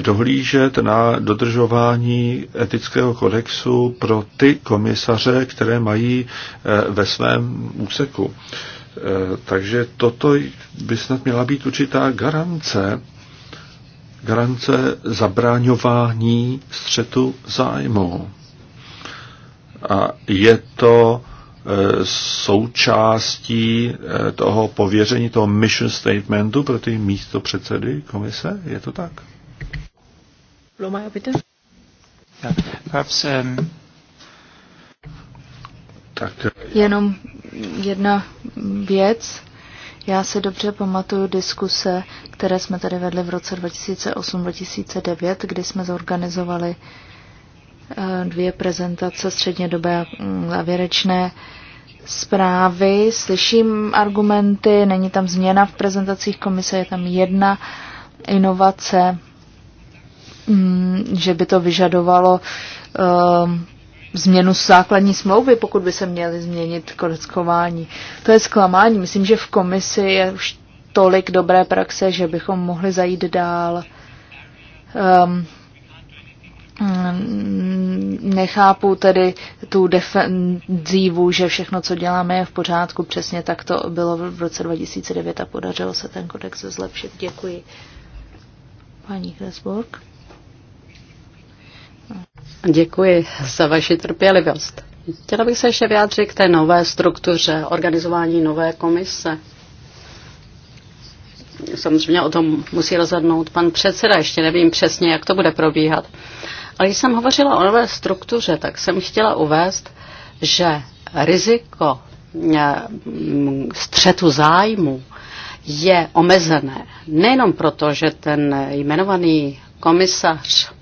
dohlížet na dodržování etického kodexu pro ty komisaře, které mají eh, ve svém úseku. Eh, takže toto by snad měla být určitá garance, garance zabráňování střetu zájmu. A je to Eh, součástí eh, toho pověření, toho mission statementu pro ty místo předsedy komise? Je to tak? Um, tak. Jenom jedna věc. Já se dobře pamatuju diskuse, které jsme tady vedli v roce 2008-2009, kdy jsme zorganizovali uh, Eh, dvě prezentace střednědobé mm, závěrečné zprávy. Slyším argumenty, není tam změna v prezentacích komise, je tam jedna inovace, mm, že by to vyžadovalo ehm, změnu základní smlouvy, pokud by se měly změnit kodeckování. To je zklamání. Myslím, že v komisi je už tolik dobré praxe, že bychom mohli zajít dál. Um, Mm, nechápu tedy tu defenzívu, že všechno, co děláme, je v pořádku. Přesně tak to bylo v roce 2009 a podařilo se ten kodex zlepšit. Děkuji. Paní Hresburg. Děkuji za vaši trpělivost. Chtěla bych se ještě vyjádřit k té nové struktuře organizování nové komise. Samozřejmě o tom musí rozhodnout pan předseda, ještě nevím přesně, jak to bude probíhat. Uh, ale když jsem hovořila o nové struktuře, tak jsem chtěla uvést, že riziko eh, střetu zájmu je omezené. Nejenom proto, že ten jmenovaný komisař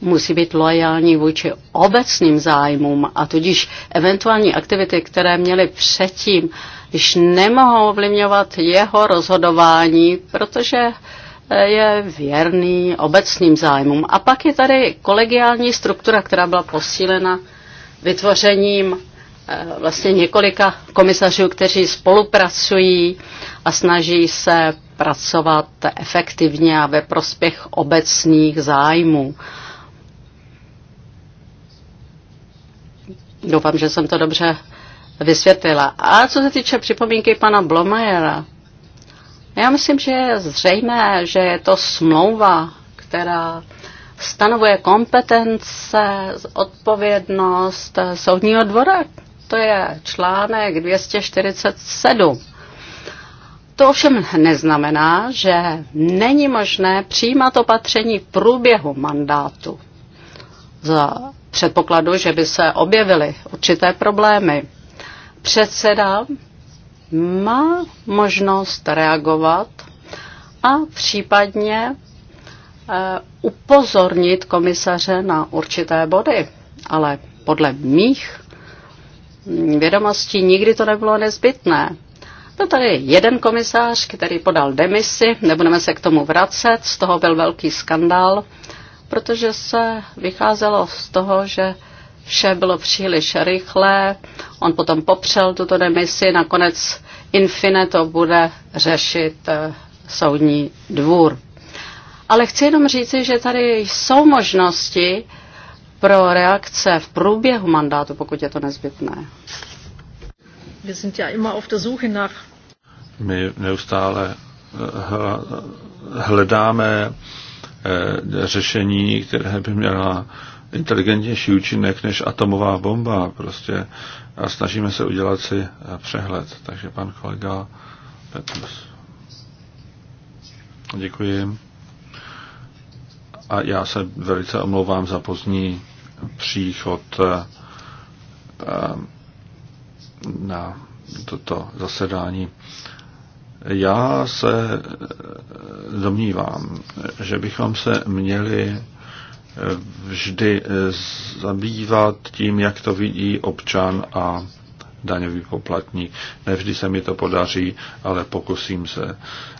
musí být loajální vůči obecným zájmům a tudíž eventuální aktivity, které měly předtím, již nemohou ovlivňovat jeho rozhodování, protože je věrný obecným zájmům. A pak je tady kolegiální struktura, která byla posílena vytvořením eh, vlastně několika komisařů, kteří spolupracují a snaží se pracovat efektivně a ve prospěch obecných zájmů. Doufám, že jsem to dobře vysvětlila. A co se týče připomínky pana Blomajera, já myslím, že je zřejmé, že je to smlouva, která stanovuje kompetence, odpovědnost soudního dvora. To je článek 247. To ovšem neznamená, že není možné přijímat opatření v průběhu mandátu za předpokladu, že by se objevily určité problémy. Předseda má možnost reagovat a případně eh, upozornit komisaře na určité body. Ale podle mých mm, vědomostí nikdy to nebylo nezbytné. Byl tady jeden komisář, který podal demisi, nebudeme se k tomu vracet, z toho byl velký skandál, protože se vycházelo z toho, že vše bylo příliš rychlé, on potom popřel tuto demisi, nakonec Infine to bude řešit eh, soudní dvůr. Ale chci jenom říci, že tady jsou možnosti pro reakce v průběhu mandátu, pokud je to nezbytné. my neustále eh, hledáme eh, řešení, které by měla inteligentnější účinek než atomová bomba prostě a snažíme se udělat si eh, přehled. Takže pan kolega Petrus. Děkuji. A já se velice omlouvám za pozdní příchod eh, eh, na toto zasedání. Já se domnívám, že bychom se měli vždy eh, zabývat tím, jak to vidí občan a daňový poplatník. Nevždy se mi to podaří, ale pokusím se.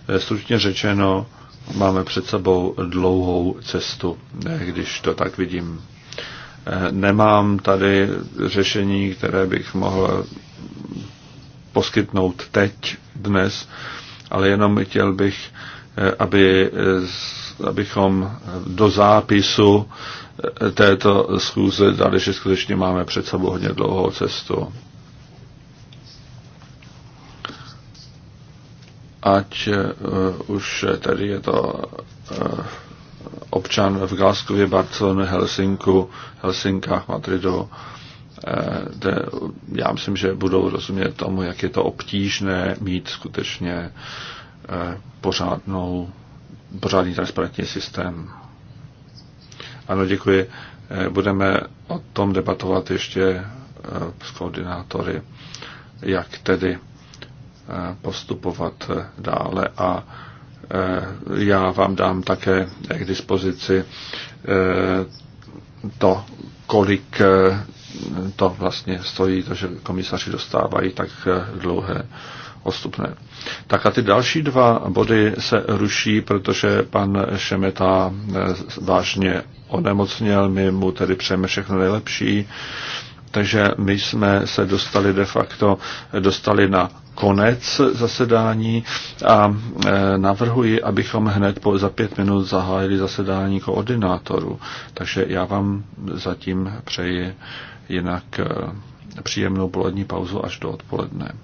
Eh, stručně řečeno, máme před sebou dlouhou cestu, eh, když to tak vidím. Nemám tady řešení, které bych mohl poskytnout teď, dnes, ale jenom chtěl bych, aby abychom do zápisu eh, této schůze dali, že skutečně máme před sebou hodně dlouhou cestu. Ať uh, už tady je to uh, občan v Glasgowie, Barceloně, Helsinku, Helsinkách, Madridu, kde já myslím, že budou rozumět tomu, jak je to obtížné mít skutečně pořádnou pořádný transparentní systém. Ano, děkuji. Eh, budeme o tom debatovat ještě eh, s koordinátory, jak tedy eh, postupovat dále a já vám dám také k dispozici to, kolik to vlastně stojí, to, že komisaři dostávají tak dlouhé ostupné. Tak a ty další dva body se ruší, protože pan Šemeta eh, vážně onemocněl, my mu tedy přejeme všechno nejlepší. Takže my jsme se dostali de facto eh, dostali na konec zasedání a eh, navrhuji, abychom hned po, za pět minut zahájili zasedání koordinátorů. Takže já vám zatím přeji jinak příjemnou polední pauzu až do odpoledne.